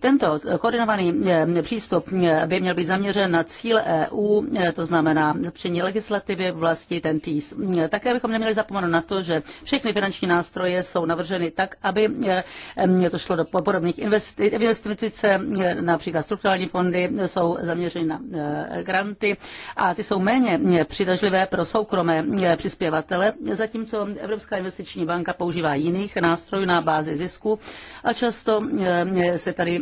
Tento koordinovaný přístup by měl být zaměřen na cíl EU, e, to znamená zlepšení legislativy v vlasti ten TIS. E, také bychom neměli zapomenout na to, že všechny finanční nástroje jsou navrženy tak, aby e, to šlo do podobných investic, investice, například strukturální fondy jsou zaměřeny na granty a ty jsou méně přitažlivé pro soukromé přispěvatele, zatímco Evropská investiční banka používá jiných nástrojů na bázi zisku a často se tady,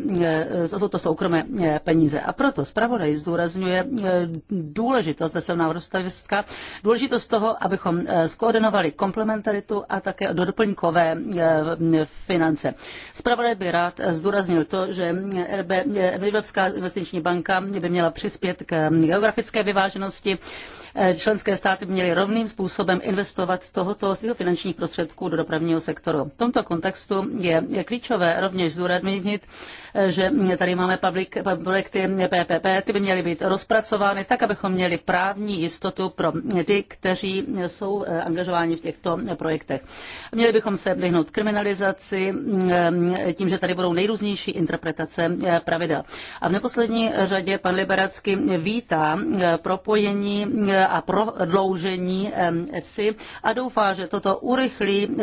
to jsou to soukromé peníze. A pro proto zpravodaj zdůrazňuje e, důležitost ve svém návrhu staviska, důležitost toho, abychom e, skoordinovali komplementaritu a také doplňkové e, finance. Zpravodaj by rád zdůraznil to, že RB, Evropská investiční banka by měla přispět k geografické vyváženosti Eh, členské státy by měly rovným způsobem investovat z tohoto z těchto finančních prostředků do dopravního sektoru. V tomto kontextu je klíčové rovněž zúradnit, eh, že tady máme public, projekty PPP, ty by měly být rozpracovány tak, abychom měli právní jistotu pro ty, kteří jsou eh, angažováni v těchto projektech. Měli bychom se vyhnout kriminalizaci tím, že tady budou nejrůznější interpretace pravidel. A v neposlední řadě pan Liberacky vítá propojení a prodloužení ECI a doufá, že toto urychlí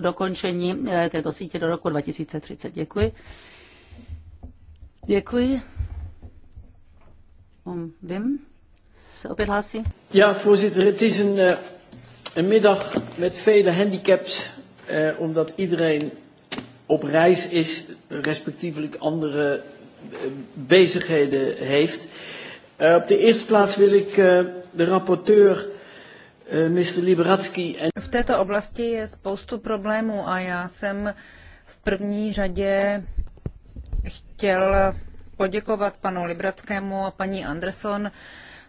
dokončení eh, této sítě do roku 2030. Děkuji. Děkuji. Vím, um, se opět hlásí. Já, voorzitter, het is een, eh, een middag met vele handicaps, eh, omdat iedereen op reis is, respectievelijk andere eh, bezigheden heeft. Uh, op de eerste plaats wil ik uh, Eh, v této oblasti je spoustu problémů a já jsem v první řadě chtěl poděkovat panu Librackému a paní Anderson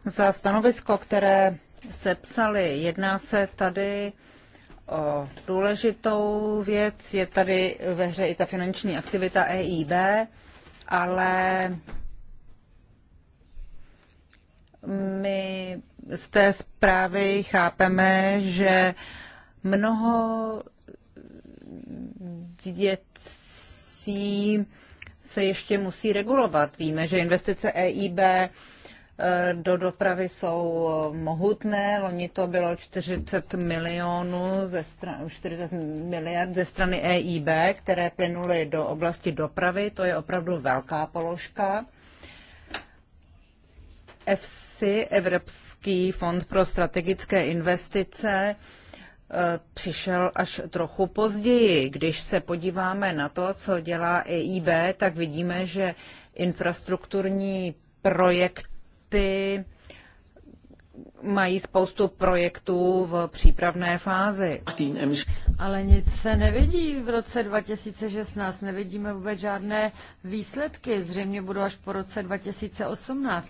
za stanovisko, které sepsali. Jedná se tady o důležitou věc, je tady ve hře i ta finanční aktivita EIB, ale my z té zprávy chápeme, že mnoho věcí se ještě musí regulovat. Víme, že investice EIB eh, do dopravy jsou mohutné. Loni to bylo 40 milionů ze stran, 40 miliard ze strany EIB, které plynuly do oblasti dopravy. To je opravdu velká položka. EFSI, Evropský fond pro strategické investice, e, přišel až trochu později. Když se podíváme na to, co dělá EIB, tak vidíme, že infrastrukturní projekty mají spoustu projektů v přípravné fázi. Ale nic se nevidí v roce 2016, nevidíme vůbec žádné výsledky, zřejmě budou až po roce 2018.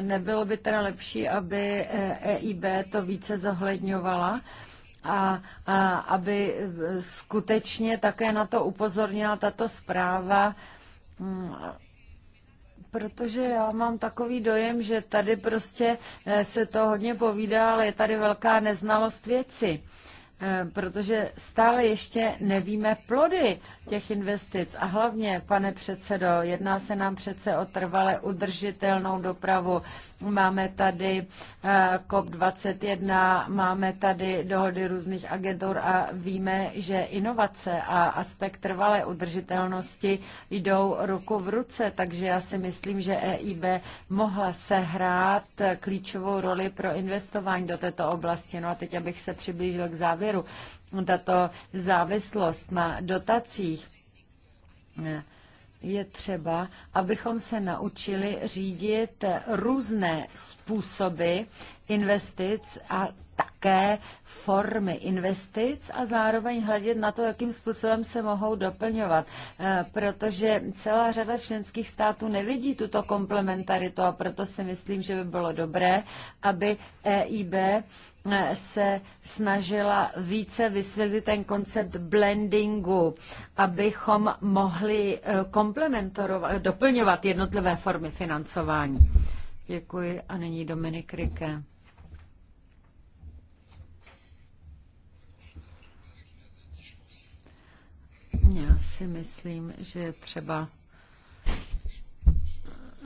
Nebylo by teda lepší, aby EIB eh, e to více zohledňovala? a, a aby eh, skutečně také na to upozornila tato zpráva hm, Protože já mám takový dojem, že tady prostě eh, se to hodně povídá, ale je tady velká neznalost věci. Eh, protože stále ještě nevíme plody těch investic. A hlavně, pane předsedo, jedná se nám přece o trvale udržitelnou dopravu. Máme tady eh, COP21, máme tady dohody různých agentur a víme, že inovace a aspekt trvalé udržitelnosti jdou ruku v ruce, takže já si myslím, že EIB mohla sehrát klíčovou roli pro investování do této oblasti. No a teď, abych se přiblížil k závěru, směru. Tato závislost na dotacích eh, je třeba, abychom se naučili řídit různé způsoby investic a také formy investic a zároveň hledět na to, jakým způsobem se mohou doplňovat, eh, protože celá řada členských států nevidí tuto komplementaritu a proto si myslím, že by bylo dobré, aby EIB eh, se snažila více vysvětlit ten koncept blendingu, abychom mohli eh, komplementovat, doplňovat jednotlivé formy financování. Děkuji a nyní Dominik Rike. Já si myslím, že je třeba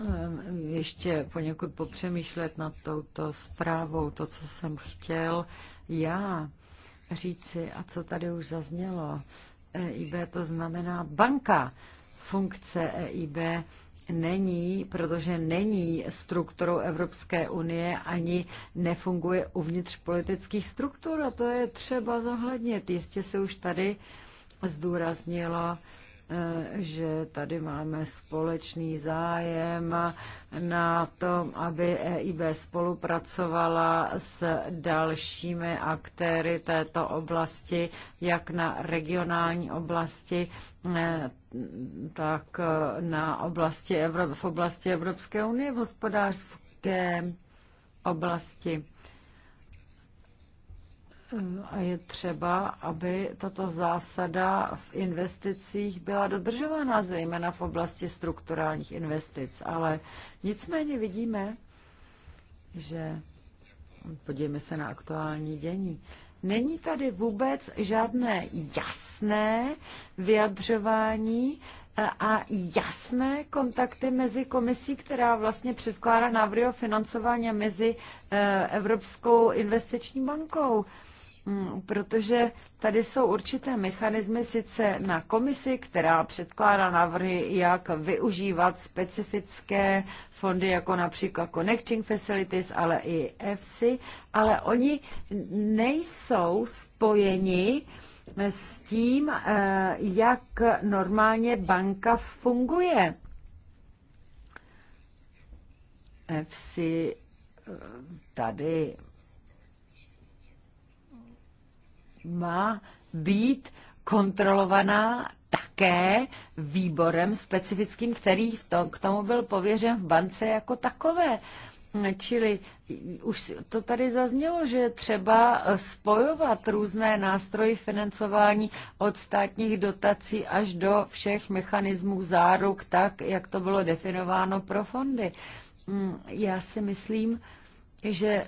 ehm, ještě poněkud popřemýšlet nad touto zprávou, to, co jsem chtěl já říci a co tady už zaznělo. EIB to znamená banka. Funkce EIB není, protože není strukturou Evropské unie ani nefunguje uvnitř politických struktur a to je třeba zohlednit. Jistě se už tady uh, zdůraznila, eh, že tady máme společný zájem na tom, aby EIB spolupracovala s dalšími aktéry této oblasti, jak na regionální oblasti, eh, tak eh, na oblasti Evrop, v oblasti Evropské unie v hospodářské oblasti. A je třeba, aby tato zásada v investicích byla dodržována, zejména v oblasti strukturálních investic. Ale nicméně vidíme, že podívejme se na aktuální dění. Není tady vůbec žádné jasné vyjadřování a jasné kontakty mezi komisí, která vlastně předkládá návrhy o financování mezi eh, Evropskou investiční bankou. Mm, protože tady jsou určité mechanismy sice na komisi, která předkládá návrhy, jak využívat specifické fondy, jako například Connecting Facilities, ale i EFSI, ale oni nejsou spojeni s tím, eh, jak normálně banka funguje. EFSI eh, tady má být kontrolovaná také výborem specifickým, který v tom, k tomu byl pověřen v bance jako takové. Čili už to tady zaznělo, že třeba spojovat různé nástroje financování od státních dotací až do všech mechanismů záruk, tak jak to bylo definováno pro fondy. Já si myslím, že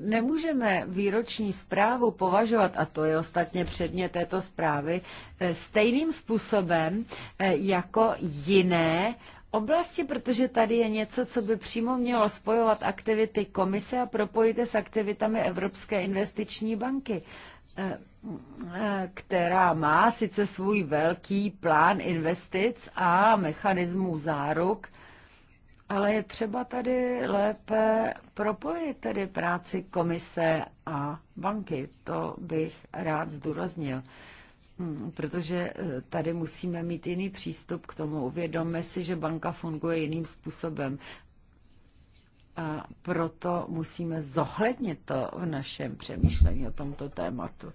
Nemůžeme výroční zprávu považovat, a to je ostatně předně této zprávy, eh, stejným způsobem eh, jako jiné oblasti, protože tady je něco, co by přímo mělo spojovat aktivity komise a propojit s aktivitami Evropské investiční banky eh, která má sice svůj velký plán investic a mechanismů záruk, ale je třeba tady lépe propojit tedy práci komise a banky. To bych rád zdůraznil. Hmm, protože eh, tady musíme mít jiný přístup k tomu. Uvědomme si, že banka funguje jiným způsobem. A proto musíme zohlednit to v našem přemýšlení o tomto tématu.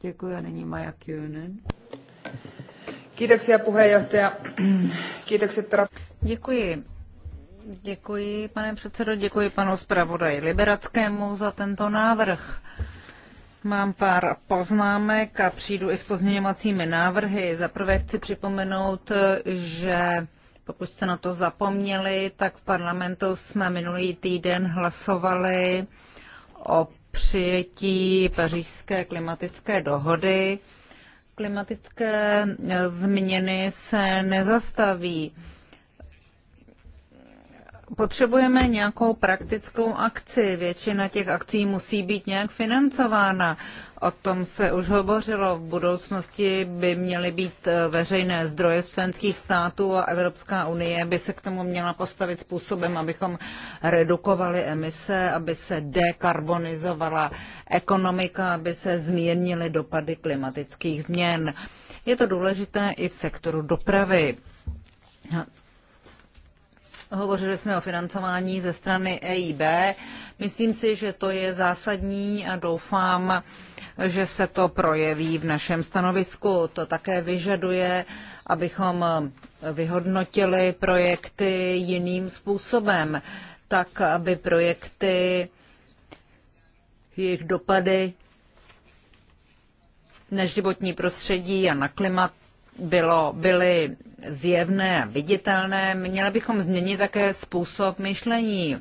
Děkuji a není Maja Kyönen. Kiitoksia puheenjohtaja. Kiitokset. Děkuji Děkuji, pane předsedo, děkuji panu zpravodaji Liberackému za tento návrh. Mám pár poznámek a přijdu i s pozměňovacími návrhy. Za prvé chci připomenout, že pokud jste na to zapomněli, tak v parlamentu jsme minulý týden hlasovali o přijetí pařížské klimatické dohody. Klimatické změny se nezastaví potřebujeme nějakou praktickou akci. Většina těch akcí musí být nějak financována. O tom se už hovořilo. V budoucnosti by měly být eh, veřejné zdroje členských států a Evropská unie by se k tomu měla postavit způsobem, abychom redukovali emise, aby se dekarbonizovala ekonomika, aby se zmírnily dopady klimatických změn. Je to důležité i v sektoru dopravy. Hovořili jsme o financování ze strany EIB. Myslím si, že to je zásadní a doufám, že se to projeví v našem stanovisku. To také vyžaduje, abychom vyhodnotili projekty jiným způsobem, tak aby projekty, jejich dopady na životní prostředí a na klimat bylo, byly zjevné a viditelné, měli bychom změnit také způsob myšlení.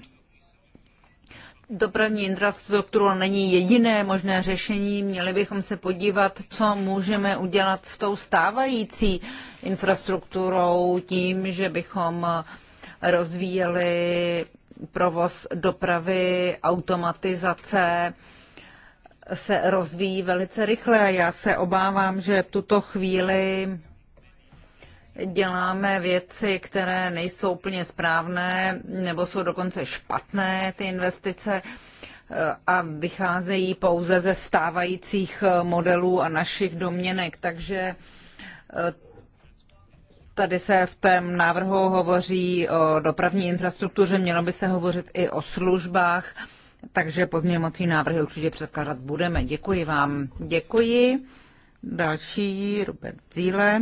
Dopravní infrastruktura není jediné možné řešení, měli bychom se podívat, co můžeme udělat s tou stávající infrastrukturou tím, že bychom rozvíjeli provoz dopravy, automatizace, se rozvíjí velice rychle a já se obávám, že v tuto chvíli děláme věci, které nejsou úplně správné nebo jsou dokonce špatné ty investice a vycházejí pouze ze stávajících modelů a našich domněnek. Takže e, tady se v tom návrhu hovoří o dopravní infrastruktuře, mělo by se hovořit i o službách takže pozměňovací návrhy určitě předkládat budeme. Děkuji vám. Děkuji. Další Robert Zíle.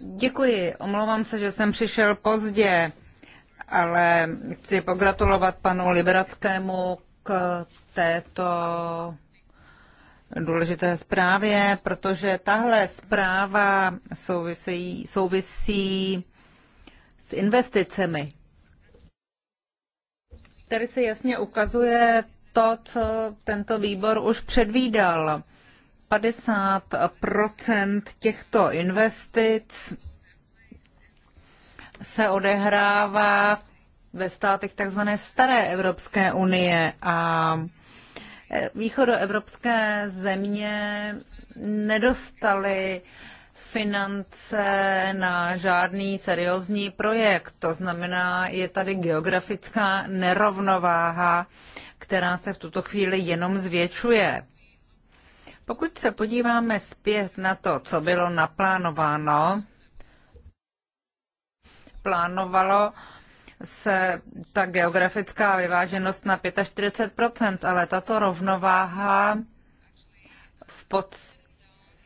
Děkuji, omlouvám se, že jsem přišel pozdě, ale chci pogratulovat panu Liberackému k této důležité zprávě, protože tahle zpráva souvisí, souvisí s investicemi. Tady se jasně ukazuje to, co tento výbor už předvídal. 50 těchto investic se odehrává ve státech tzv. staré Evropské unie a eh, východoevropské země nedostaly finance na žádný seriózní projekt. To znamená, je tady geografická nerovnováha, která se v tuto chvíli jenom zvětšuje. Pokud se podíváme zpět na to, co bylo naplánováno, plánovalo se ta geografická vyváženost na 45 ale tato rovnováha v podstatě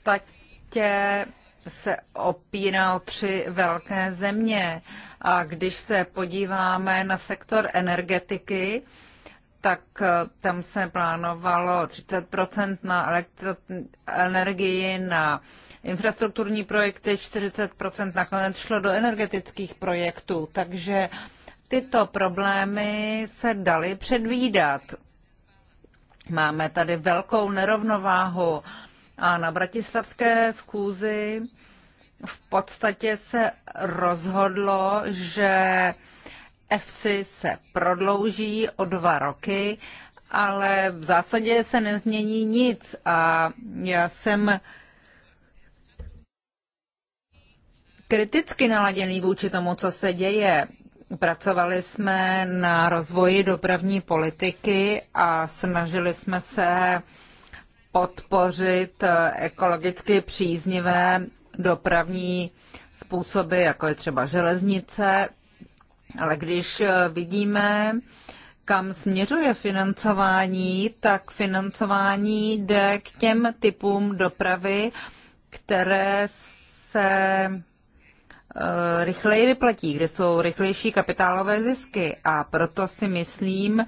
podstatě se opírá o tři velké země. A když se podíváme na sektor energetiky, tak eh, tam se plánovalo 30 na elektro- energii, na infrastrukturní projekty, 40 nakonec šlo do energetických projektů. Takže tyto problémy se daly předvídat. Máme tady velkou nerovnováhu. A na bratislavské schůzi v podstatě se rozhodlo, že EFSI se prodlouží o dva roky, ale v zásadě se nezmění nic a já jsem kriticky naladěný vůči tomu, co se děje. Pracovali jsme na rozvoji dopravní politiky a snažili jsme se podpořit eh, ekologicky příznivé dopravní způsoby, jako je třeba železnice, ale když eh, vidíme, kam směřuje financování, tak financování jde k těm typům dopravy, které se eh, rychleji vyplatí, kde jsou rychlejší kapitálové zisky. A proto si myslím,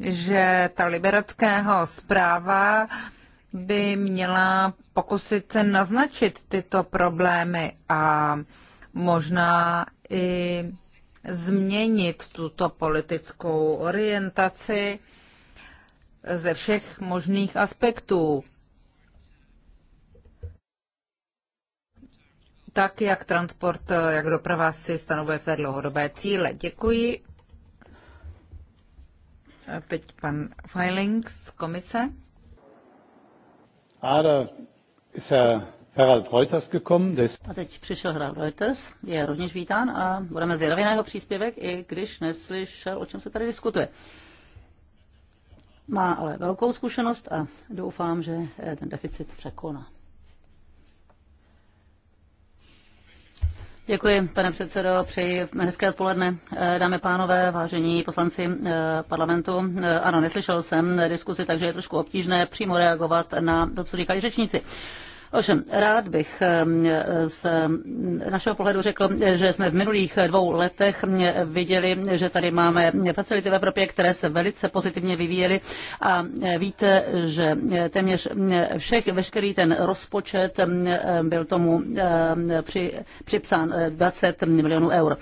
že ta liberackého zpráva by měla pokusit se naznačit tyto problémy a možná i změnit tuto politickou orientaci ze všech možných aspektů. Tak, jak transport, jak doprava si stanovuje své dlouhodobé cíle. Děkuji. A teď pan Feiling z komise. A teď přišel Harald Reuters, je rovněž vítán a budeme zvědaví na jeho příspěvek, i když neslyšel, o čem se tady diskutuje. Má ale velkou zkušenost a doufám, že ten deficit překoná. Děkuji, pane předsedo. Přeji hezké odpoledne, eh, dámy pánové, vážení poslanci eh, parlamentu. Eh, ano, neslyšel jsem diskusi, takže je trošku obtížné přímo reagovat na to, co říkali řečníci. Ovšem, rád bych ehm, z našeho pohledu řekl, že jsme v minulých dvou letech viděli, že tady máme facility v Evropě, které se velice pozitivně vyvíjely a eh, víte, že eh, téměř eh, všech, veškerý ten rozpočet ehm, byl tomu ehm, při, připsán 20 milionů eur.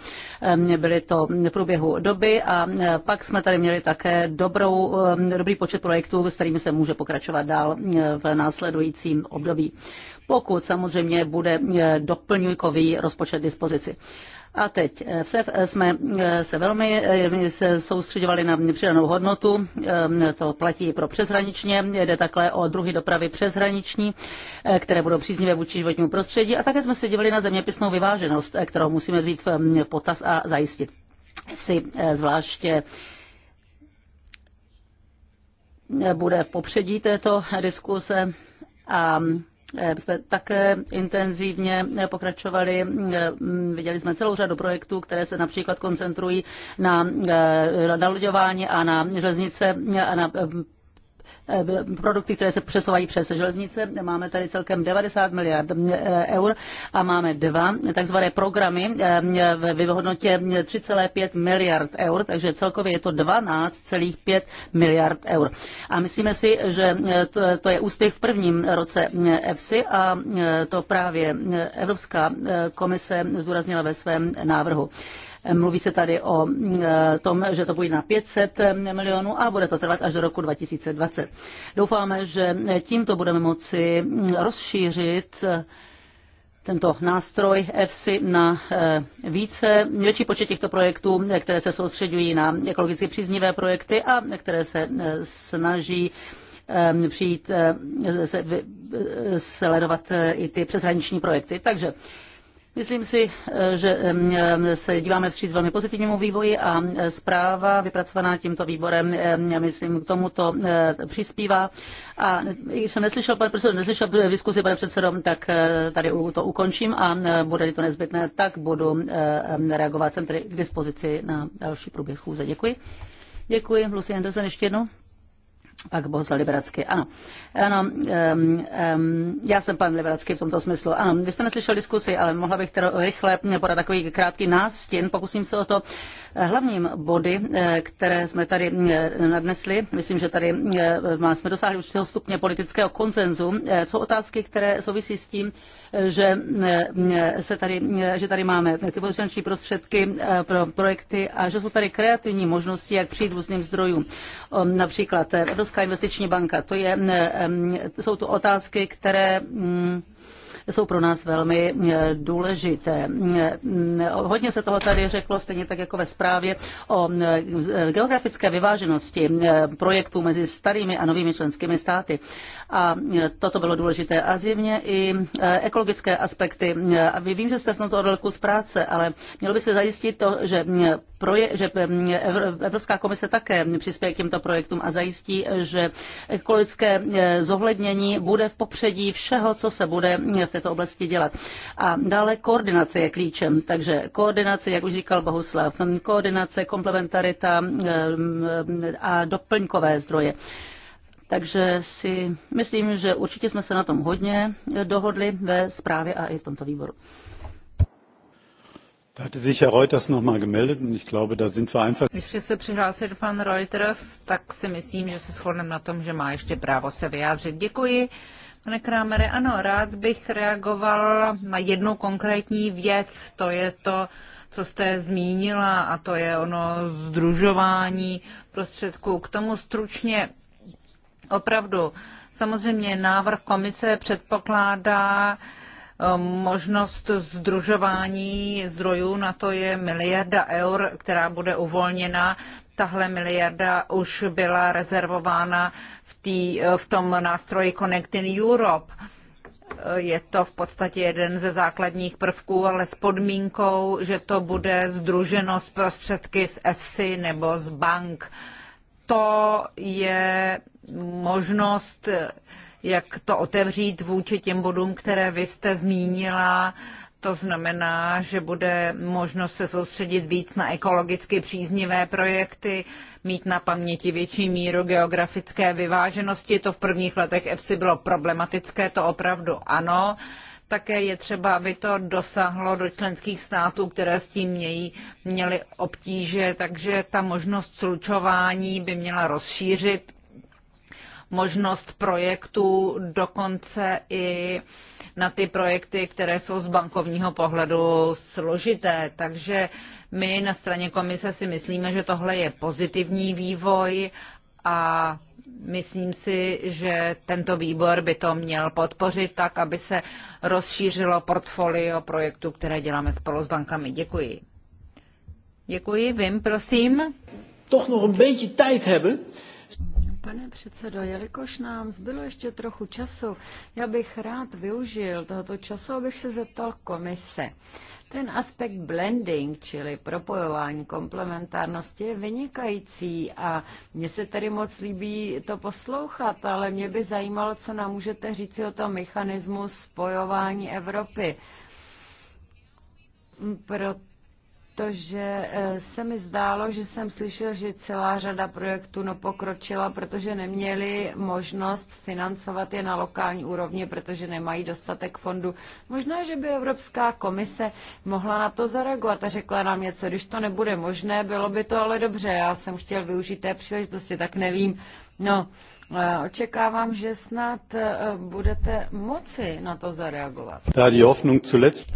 Byly to v průběhu doby a pak jsme tady měli také dobrou, dobrý počet projektů, s kterými se může pokračovat dál v následujícím období pokud samozřejmě bude eh, doplňkový rozpočet dispozici. A teď eh, eh, jsme se velmi se soustředovali na přidanou hodnotu, to platí pro přeshraničně, jde takhle o druhy dopravy přeshraniční, které budou příznivé vůči životnímu prostředí a také jsme se dívali na zeměpisnou vyváženost, kterou musíme vzít mm, v potaz a zajistit. Vsi zvláště bude v popředí této diskuse a mm, Eh, jsme také intenzivně eh, pokračovali. Eh, mm, viděli jsme celou řadu projektů, které se například koncentrují na naloďování a na železnice a na produkty, které se přesouvají přes železnice. Máme tady celkem 90 miliard eh, eur a máme dva takzvané programy eh, ve vyhodnotě 3,5 miliard eur, takže celkově je to 12,5 miliard eur. A myslíme si, že eh, to je úspěch v prvním roce EFSI a to právě Evropská komise zdůraznila ve svém návrhu. Mluví se tady o e, tom, že to bude na 500 milionů a bude to trvat až do roku 2020. Doufáme, že tímto budeme moci rozšířit e, tento nástroj EFSI na e, více, větší počet těchto projektů, které se soustředují na ekologicky příznivé projekty a které se snaží přijít sledovat i ty přeshraniční projekty. Takže Myslím si, eh, že se díváme vstříc velmi pozitivnímu vývoji a eh, zpráva vypracovaná tímto výborem, myslím, k tomuto eh, přispívá. A když jsem neslyšel, pane profesor, neslyšel diskuzi, pane předsedo, tak tady to ukončím a bude to nezbytné, tak budu reagovat. Jsem tedy k dispozici na další průběh schůze. Děkuji. Děkuji. Lucy Andersen, ještě jednou. Pak Bohuslav Liberacký, ano. ano um, um, já jsem pan Liberacký v tomto smyslu. Ano, vy jste neslyšel diskusi, ale mohla bych teda rychle podat takový krátký nástin, pokusím se o to. Uh, Hlavním body, eh, které jsme tady eh, nadnesli, myslím, že tady eh, jsme dosáhli určitého stupně politického konsenzu, jsou otázky, které souvisí s tím, že, se tady, že tady máme finanční prostředky pro projekty a že jsou tady kreativní možnosti, jak přijít různým zdrojům. Například Evropská investiční banka, to je, jsou to otázky, které mm, jsou pro nás velmi eh, důležité. Eh, hodně se toho tady řeklo, stejně tak jako ve zprávě o eh, geografické vyváženosti projektů mezi starými a novými členskými státy. A toto bylo důležité a zjevně i ekologické aspekty. A vím, že jste v tomto odlku z práce, ale mělo by se zajistit to, že proje- že mm, Evropská komise také přispěje k těmto projektům a zajistí, že ekologické eh, zohlednění bude v popředí všeho, co se bude mm, v této oblasti dělat. A dále koordinace je klíčem. Takže koordinace, jak už říkal Bohuslav, koordinace, komplementarita eh, a doplňkové zdroje. Takže si myslím, že určitě jsme se na tom hodně dohodli ve zprávě a i v tomto výboru. Da hatte sich Herr Reuters mal gemeldet und ich glaube, da sind wir einfach... Když se přihlásil pan Reuters, tak si myslím, že se shodneme na tom, že má ještě právo se vyjádřit. Děkuji. Pane Krámere, ano, rád bych reagoval na jednu konkrétní věc, to je to, co jste zmínila, a to je ono združování prostředků. K tomu stručně opravdu. Samozřejmě návrh komise předpokládá, Ehm, možnost združování zdrojů na to je miliarda eur, která bude uvolněna. Tahle miliarda už byla rezervována v, tý, eh, v tom nástroji Connecting Europe. Eh, je to v podstatě jeden ze základních prvků, ale s podmínkou, že to bude združeno z prostředky z EFSI nebo z bank. To je možnost eh, jak to otevřít vůči těm bodům, které vy jste zmínila. To znamená, že bude možnost se soustředit víc na ekologicky příznivé projekty, mít na paměti větší míru geografické vyváženosti. To v prvních letech EFSI bylo problematické, to opravdu ano. Také je třeba, aby to dosáhlo do členských států, které s tím mějí, měly obtíže, takže ta možnost slučování by měla rozšířit možnost projektů, dokonce i na ty projekty, které jsou z bankovního pohledu složité. Takže my na straně komise si myslíme, že tohle je pozitivní vývoj a myslím si, že tento výbor by to měl podpořit tak, aby se rozšířilo portfolio projektů, které děláme spolu s bankami. Děkuji. Děkuji. Vím, prosím. Toch nog een beetje tijd hebben. Pane předsedo, jelikož nám zbylo ještě trochu času, já bych rád využil tohoto času, abych se zeptal komise. Ten aspekt blending, čili propojování komplementárnosti, je vynikající a mně se tedy moc líbí to poslouchat, ale mě by zajímalo, co nám můžete říci o tom mechanismu spojování Evropy. Proto protože eh, se mi zdálo, že jsem slyšel, že celá řada projektů no pokročila, protože neměli možnost financovat je na lokální úrovni, protože nemají dostatek fondu. Možná, že by Evropská komise mohla na to zareagovat a řekla nám něco, když to nebude možné, bylo by to ale dobře, já jsem chtěl využít té příležitosti, tak nevím. No, eh, očekávám, že snad eh, budete moci na to zareagovat. Tady Hoffnung zuletzt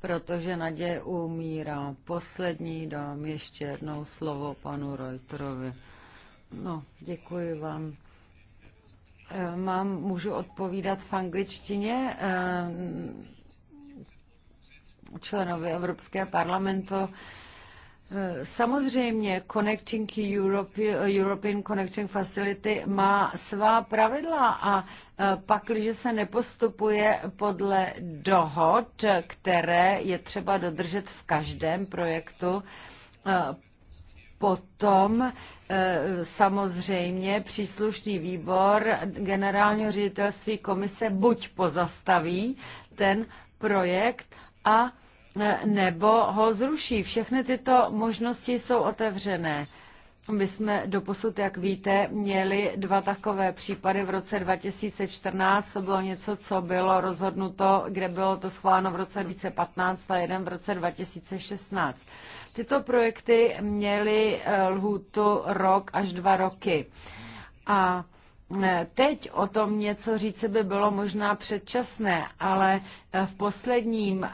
protože naděje umírá. Poslední dám ještě jednou slovo panu Reuterovi. No, děkuji vám. Eh, mám, můžu odpovídat v angličtině? Eh, členovi Evropského parlamentu Samozřejmě Connecting Europe, European Connecting Facility má svá pravidla a e, pak, když se nepostupuje podle dohod, které je třeba dodržet v každém projektu, e, potom e, samozřejmě příslušný výbor generálního ředitelství komise buď pozastaví ten projekt a Eh, nebo ho zruší. Všechny tyto možnosti jsou otevřené. My jsme doposud, jak víte, měli dva takové případy v roce 2014. To bylo něco, co bylo rozhodnuto, kde bylo to schváleno v roce 2015 a jeden v roce 2016. Tyto projekty měly eh, lhůtu rok až dva roky. A Eh, teď o tom něco říci by bylo možná předčasné, ale eh, v posledním eh,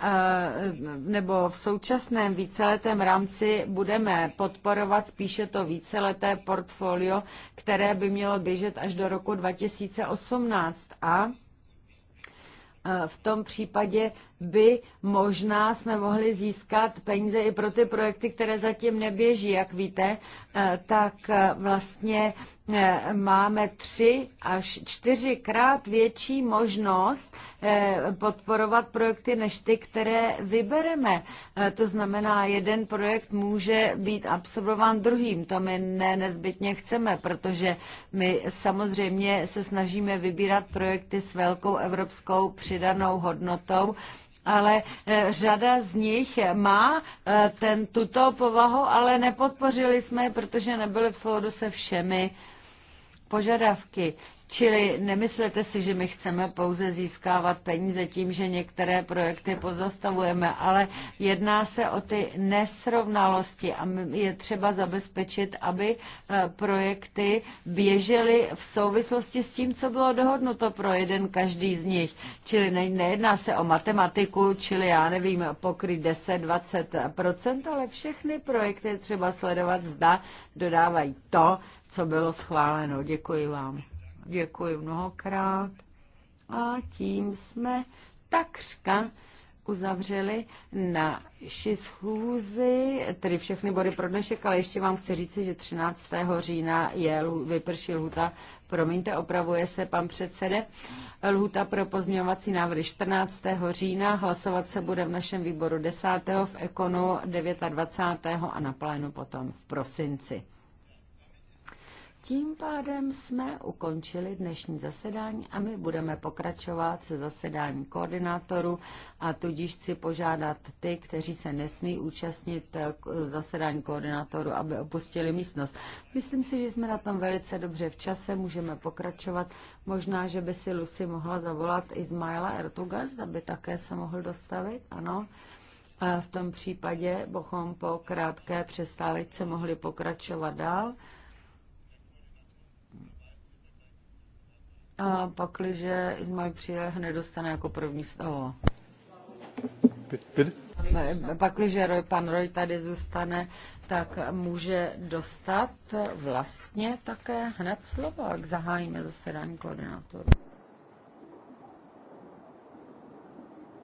nebo v současném víceletém rámci budeme podporovat spíše to víceleté portfolio, které by mělo běžet až do roku 2018 a v tom případě by možná jsme mohli získat peníze i pro ty projekty, které zatím neběží, jak víte, eh, tak eh, vlastně eh, máme tři až čtyřikrát větší možnost podporovat projekty než ty, které vybereme. To znamená, jeden projekt může být absorbován druhým. To my ne nezbytně chceme, protože my samozřejmě se snažíme vybírat projekty s velkou evropskou přidanou hodnotou, ale eh, řada z nich má eh, ten, tuto povahu, ale nepodpořili jsme je, protože nebyly v souladu se všemi požadavky. Čili nemyslete si, že my chceme pouze získávat peníze tím, že některé projekty pozastavujeme, ale jedná se o ty nesrovnalosti a je třeba zabezpečit, aby eh, projekty běžely v souvislosti s tím, co bylo dohodnuto pro jeden každý z nich. Čili ne, nejedná se o matematiku, čili já nevím, pokryt 10-20%, ale všechny projekty třeba sledovat, zda dodávají to, co bylo schváleno. Děkuji vám. Děkuji mnohokrát. A tím jsme takřka uzavřeli naši schůzi, tedy všechny body pro dnešek, ale ještě vám chci říci, že 13. října je vyprší lhuta, promiňte, opravuje se pan předsede, lhuta pro pozměňovací návrhy 14. října, hlasovat se bude v našem výboru 10. v Ekonu 29. a na plénu potom v prosinci. Tím pádem jsme ukončili dnešní zasedání a my budeme pokračovat se zasedání koordinátoru a tudíž chci požádat ty, kteří se nesmí účastnit eh, eh, zasedání koordinátoru, aby opustili místnost. Myslím si, že jsme na tom velice dobře v čase, můžeme pokračovat. Možná, že by si Lucy mohla zavolat Ismaila Ertugas, aby také se mohl dostavit, ano. A v tom případě bychom po krátké přestávce mohli pokračovat dál. A pakliže Ismail hned nedostane jako první slovo. Pakliže Roy, pan Roy tady zůstane, tak může dostat vlastně také hned slovo, jak zahájíme zasedání koordinátorů.